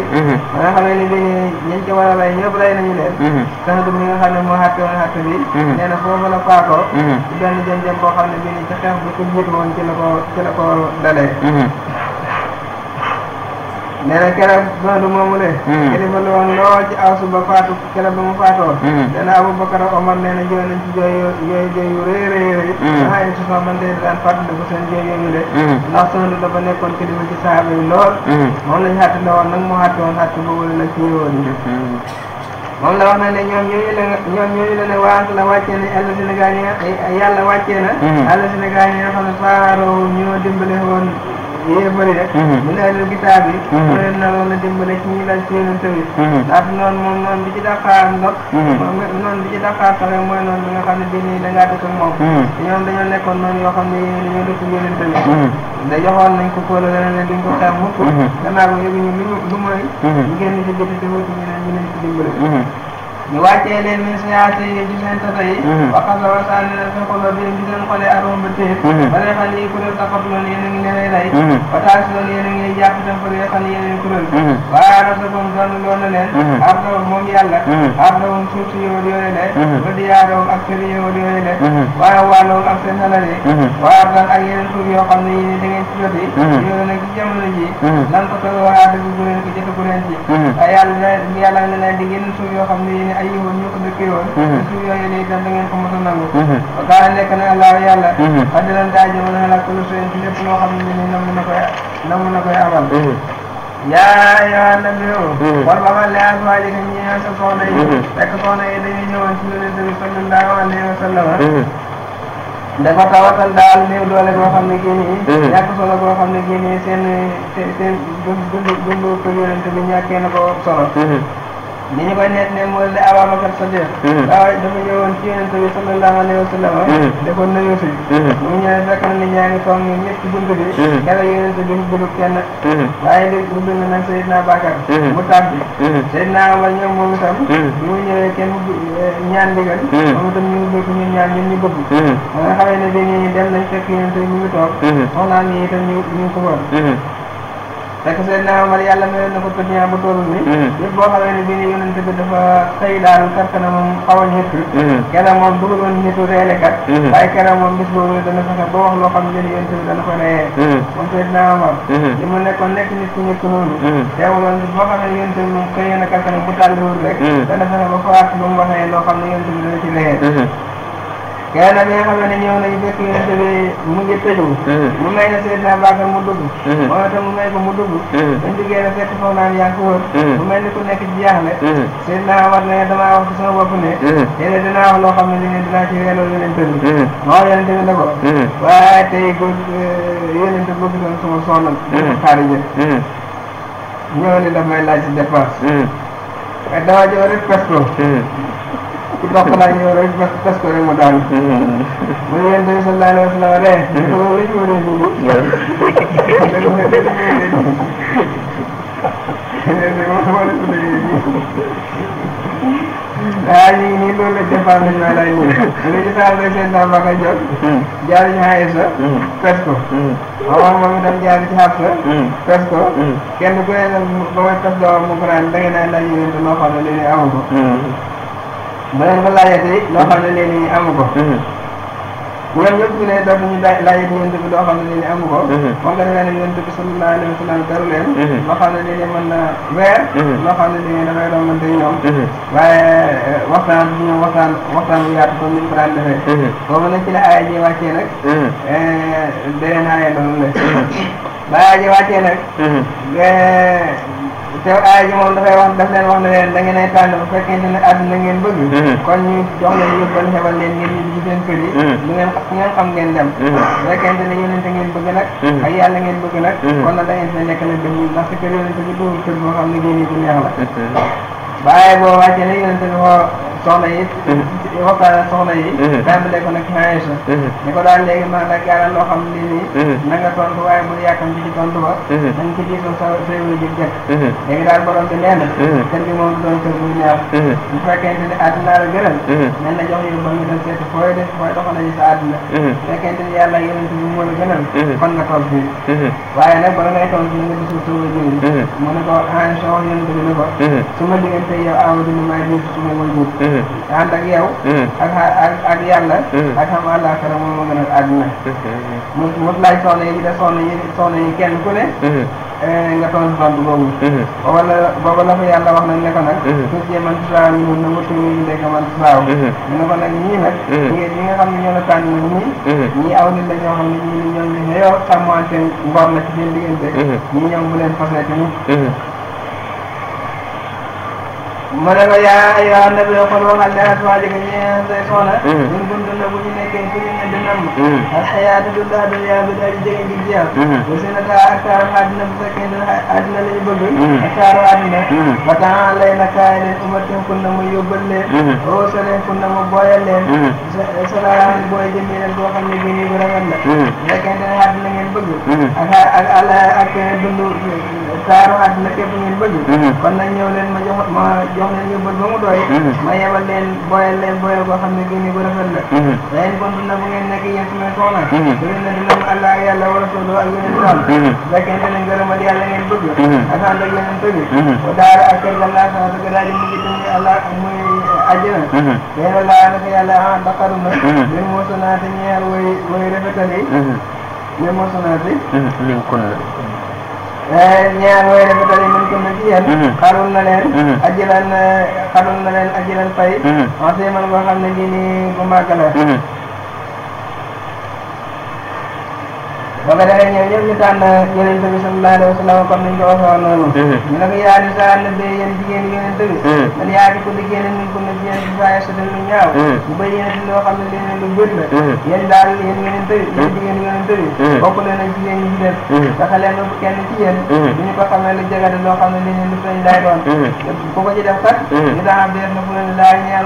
nga xamee ne dañuy ñañ ca war a rey ñëpp rey nañu leen. sax du mi nga xam ne moo xàtte woon xàtte bi. nee na foofu la faatoo. ci benn jëm-jëm boo xam ne bii nii ci xeex bi ko jiitu woon ci la ko ci la ko dalee. nee na keroog Dundu moomu le. kilifa la woon ci aw suba faatu keroog ba mu faatoo. nee hmm. na Aboubacar Omar nee na jooy nañ ci jooy yooyu jooy yu rëy rëy rëy. Hmm. ndax de daan fàttaliku seen jooy hmm. dafa nekkoon kilifa ci saaba yi lool. moom lañ xàtte la woon nag mu xàtte woon xàtte boobu la ci yëwoon moom la wax na ne ñoom ñooñu la ñoom ñooñu la ne waa la wàccee ne àll Sénégal yi yàlla wàccee na. àll Sénégal yi nga xam ne faaroo ñoo dimbale woon. yéen bëri rek min ahlil kitaab yi mu mhm. leen naroon a dimbale ci ñuy laaj ci yeneen tamit mhm. ndax noonu moom noonu bi ci daqaar ndox mhm. moom noonu bi ci daqaar sax mooy noonu bi nga xam ne bii nii da ngaa dëkk ak moom ñoom dañoo nekkoon noonu yoo xam ne yéen dañoo dëkk yeneen tamit da joxoon nañ ko kóola leneen ne duñ ko xeex mukk gannaaw yëguñu lu lu mooy ñu génn si biti si wuti ñeneen ñu leen ci dimbale ñu wàccee min siyaasa yi mhm. ci seen tasa yi waxasa wasanni na seen xolo bi ci seen xole arom ba téef bare xan yi kuréel taxatu loon yéen a ngi leen lay wataasi mhm. loon yéen a ngi leen jàpp tam bare xan yéen a ngi kuréel mhm. waaye arasagum donn loon na leen ardawum moom yàlla ardawum suuf si yow yooyu le ba diyaadawum ak kër yow yooyu le waaye wàllawum ak seen salari waaye ardan ak yeneen tur yoo xam ne yéen ji lan ko toloo di yeneen tur yoo ay yoon ñu ko dëkkee woon su yooyu ne itam da ngeen ko mos a nangu wakaara nekk na allah yàlla xadiran daaje wala ala kulli shay'in ci lépp loo xam ne ni namm na koy namm na koy amal yaa yaa nabi war ba ma leer waa ji ñi ñaan sa soxna yi fekk soxna yi dañuy ñëwoon ci yonente bi sallallahu alayhi wa sallam dafa tawatal daal néew doole boo xam ne génn yi ñàkk solo boo xam ne génn yi seen seen dund dund ko yonente bi ñàkkee na ko solo li ñu koy neet ne mooy la Ababacar Sadiq waaw dafa ñëwoon ci yonent bi sallallahu alayhi wa sallam mm-hmm. da ko nuyu mm-hmm. na nit ñaa ngi toog ñun ñëpp ci bunt bi mm-hmm. kere yonent bi bëgg kenn waaye di ubbi na nag Seydina Bakar mu tàbbi bi mu ñëwee kenn eh, ñaan ndigal ñu ñu bëgg ba nga xamee ne bi ñu dem nañ fekk yonent bi mu toog wax naa ni itam ñu ñu ko fekk Seydina Omar yàlla mayoon na ko pétuña ba toolam mm-hmm. bi yëpp boo xamee ne bii ne yonente bi dafa xëy daal karkana moom xaw a ñett mm-hmm. keroog moom dugaloon nitu reelekat mm-hmm. waaye keroog moom bis boobu dana fexe ba wax loo xam ne yonente bi dana ko reyee moom Seydina Omar li mu nekkoon nekk nit ku ñëkk noonu teewuloon bis boo xamee ne yonente bi moom xëyee na karkana bu tàlliwul rek dana fexe ba faat lu mu waxee loo xam ne yonente bi dana ci reyee kenn nag ñi nga xam ne ñëw nañu fekk bi mu ngi tëju. Mm-hmm. mu may na Seydina Bakar mu dugg. Mm-hmm. moom itam mu may ko mu dugg. dañ mm-hmm. duggee na fekk foofu naan yaa ko wër. mu mel ni ku nekk ci jaaxle. Seydina war ne damaa wax ci sama bopp ne. yéen dinaa wax loo xam ne li dinaa ci weeloo yonent bi. ma wax yonent bi ne ko. waaye tey ko eh, yonent bi bëgg doon sama soxna. xaar yéen. ñëw ne daf may laaj ci dépense. dama jox rek mboq laa ñëw rek bas bas ko rek mu daal. bu ñu leen di sallallahu alayhi wa sallam ree. loolu la ñu war a dugg. dëgg la dëgg la ñu ngi nii loolu la defal nañu ma laaj ñu. léegi daal rek seen naa Maka Diop. jaar ñu Aysa. fes ko. waaw moom itam jaar ci Hafsa. fes ko. kenn ku ne nag ba ma tas doomam mu ko naan da ngeen a laaj yéen loo xam ne léegi amu ko. mu leen ko laajatee loo xam ne léegi nii amu ko. ñoom ñëpp ñu ne dootuñu laaj laajat yonent bi loo xam ne léegi amu ko. moom nga demee ne yonent bi sallallahu alayhi wa sallam daru leen. loo xam ne léegi mën na weer. loo xam ne léegi dafay doon mën tey ñoom. waaye waxtaan bi ñoom waxtaan waxtaan bu yaatu comme ni ñu ko daan defee. boobu nag ci la aaya ji wàccee nag. beneen aaya doon la. ba aaya ji wàccee nag. te aaya ji dafay wax daf leen wax ne leen da ngeen ay tànn bu fekkente ne àdduna ngeen bëgg mm-hmm. kon ñu jox leen yóbbal xebal leen ngeen ñibbi ci seen kër yi mm-hmm. lu ngeen fu ngeen xam ngeen dem bu mm-hmm. fekkente ne yonente ngeen bëgg nag ak yàlla ngeen bëgg nag kon nag da ngeen nekk nag dem yi ndax kër yonente bi dóoru kër boo xam ne génn neex la ba aaya boo wàccee ne yonente bi xoo soxna yi waxtaan soxna yi tàmbalee ko nag Aïcha mm-hmm. ni ko daal léegi ma la gaaral loo xam ne nii mm-hmm. na nga tontu waaye bul yàkkam ci ci tontu ba na mm-hmm. nga ci diisoo sa say wajur jëkk léegi daal borom bi nee na kër gi moom doon kër bu ñaaw bu fekkente ni àddina la gërëm nañ la jox yow ba nga dem seeti fooy def fooy doxal nañu sa àddina fekkente ni yàlla yonent bi moo la gënal kon nga toog fii waaye nag bala ngay toog fii nga diisoo sa wajur mu ne ko Aïcha wax yonent bi ne ko su ma diggante yow awa dina maa diis su ma wajur Mm. ànd ak yow. Mm. ak ak ak yàlla. Mm. ak xam àllaaxira moom moo gën a àdduna. Mm-hmm. mu mu laaj soxna yi de soxna yi soxna yi kenn ku ne. Mm-hmm. Eh, nga toll tontu boobu. wala mm-hmm. booba la fa yàlla wax nañ ne ko nag. suuf si man saa yu na mu tudd ndek man saaw. ñu ne ko nag ñii nag. ñi xam ne ñoo nag ñii. ñii aw xam ne ngor na ci mu ne ko yaa ayyuhan nabiyyu qul waxal li azwaajika ñeel say soxna. in kuntunna bu ñu nekkee ku ñu ne di namm. alxayaata dundaa dunyaa bi daal di jege ngir jeex. wa zinatahaa ak taaru àddina bu fekkee ne àddina la ñu bëgg. ak taaru àddina. ba temps lay na kaay leen umatin kunna mu yóbbal leen. oo saleen kunna mu booyal leen. salaam booy jëmee leen boo xam ne bii nii bu rafet la. fekkente ne àddina ngeen bëgg. ak ak àll ak dundu taaru àddina képp ngeen bëgg. kon nag ñëw leen ma jox ma jox. wax leen yóbbal ba mu doy ma yebal leen booyal leen booyal boo xam ne génne bu rafet la da ngeen kontu na bu ngeen nekk yéen su may soxna bu ngeen ne dinañ àlla ak yàlla wa rasuloo ak yeneen daal fekkente ne ngërëmal yàlla ngeen bëgg ak ànd ak yeneen tëgg wa daara ak kër ga laa sama bëgg daal di mujj tamit àlla muy àjjana deen laa naka yàlla a ah, daqaru na leen moo sonaate ñeel way way rafetal yi leen moo sonaate leen kon la ñaan way dafa tali mën ko na ci yéen mm-hmm. xarul na leen mm-hmm. ajilan xarul na leen ajilan fay mm-hmm. xam ne nii bu màgg la ba nga defee ñëw ñëpp ñu tànn yonent bi wa sallam comme niñ ko waxoon noonu mhm. ñu a ko yaa nisaa nabi yéen jigéen yonent bi mhm. man yaa ci kulli génn min kunna loo xam ne leneen lu bëri la mhm. yéen daal yéen yonent bi yéen jigéen yonent bi bokk leen ak jigéen ñi ci def dafa leen bu kenn ci yéen duñu ko xamee lu jagade loo xam ne lu feeñ lay doon ko ci def kat ñu taxam dees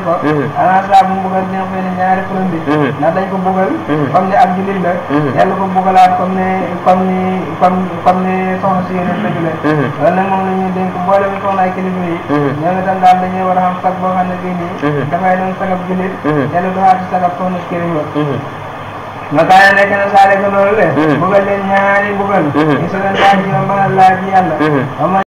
ko ana saa bu mbugal dina ko ñaari fulam ko mbugal comme ne ab jullit la yàlla ko mbugalaat ko comme ni comme ni comme comme ni soxna si yéen a tëjule loolu nag moom la ñuy dénk mboolem soxna yi mm-hmm. ñoom itam daal dañuy war a xam sag boo xam ne bii nii mm-hmm. dafay doon sagab jullit mm-hmm. dellu doxaati na saare ko loolu bugal leen ñaari bugal i so leen laaj ñoom mën a laaj yàlla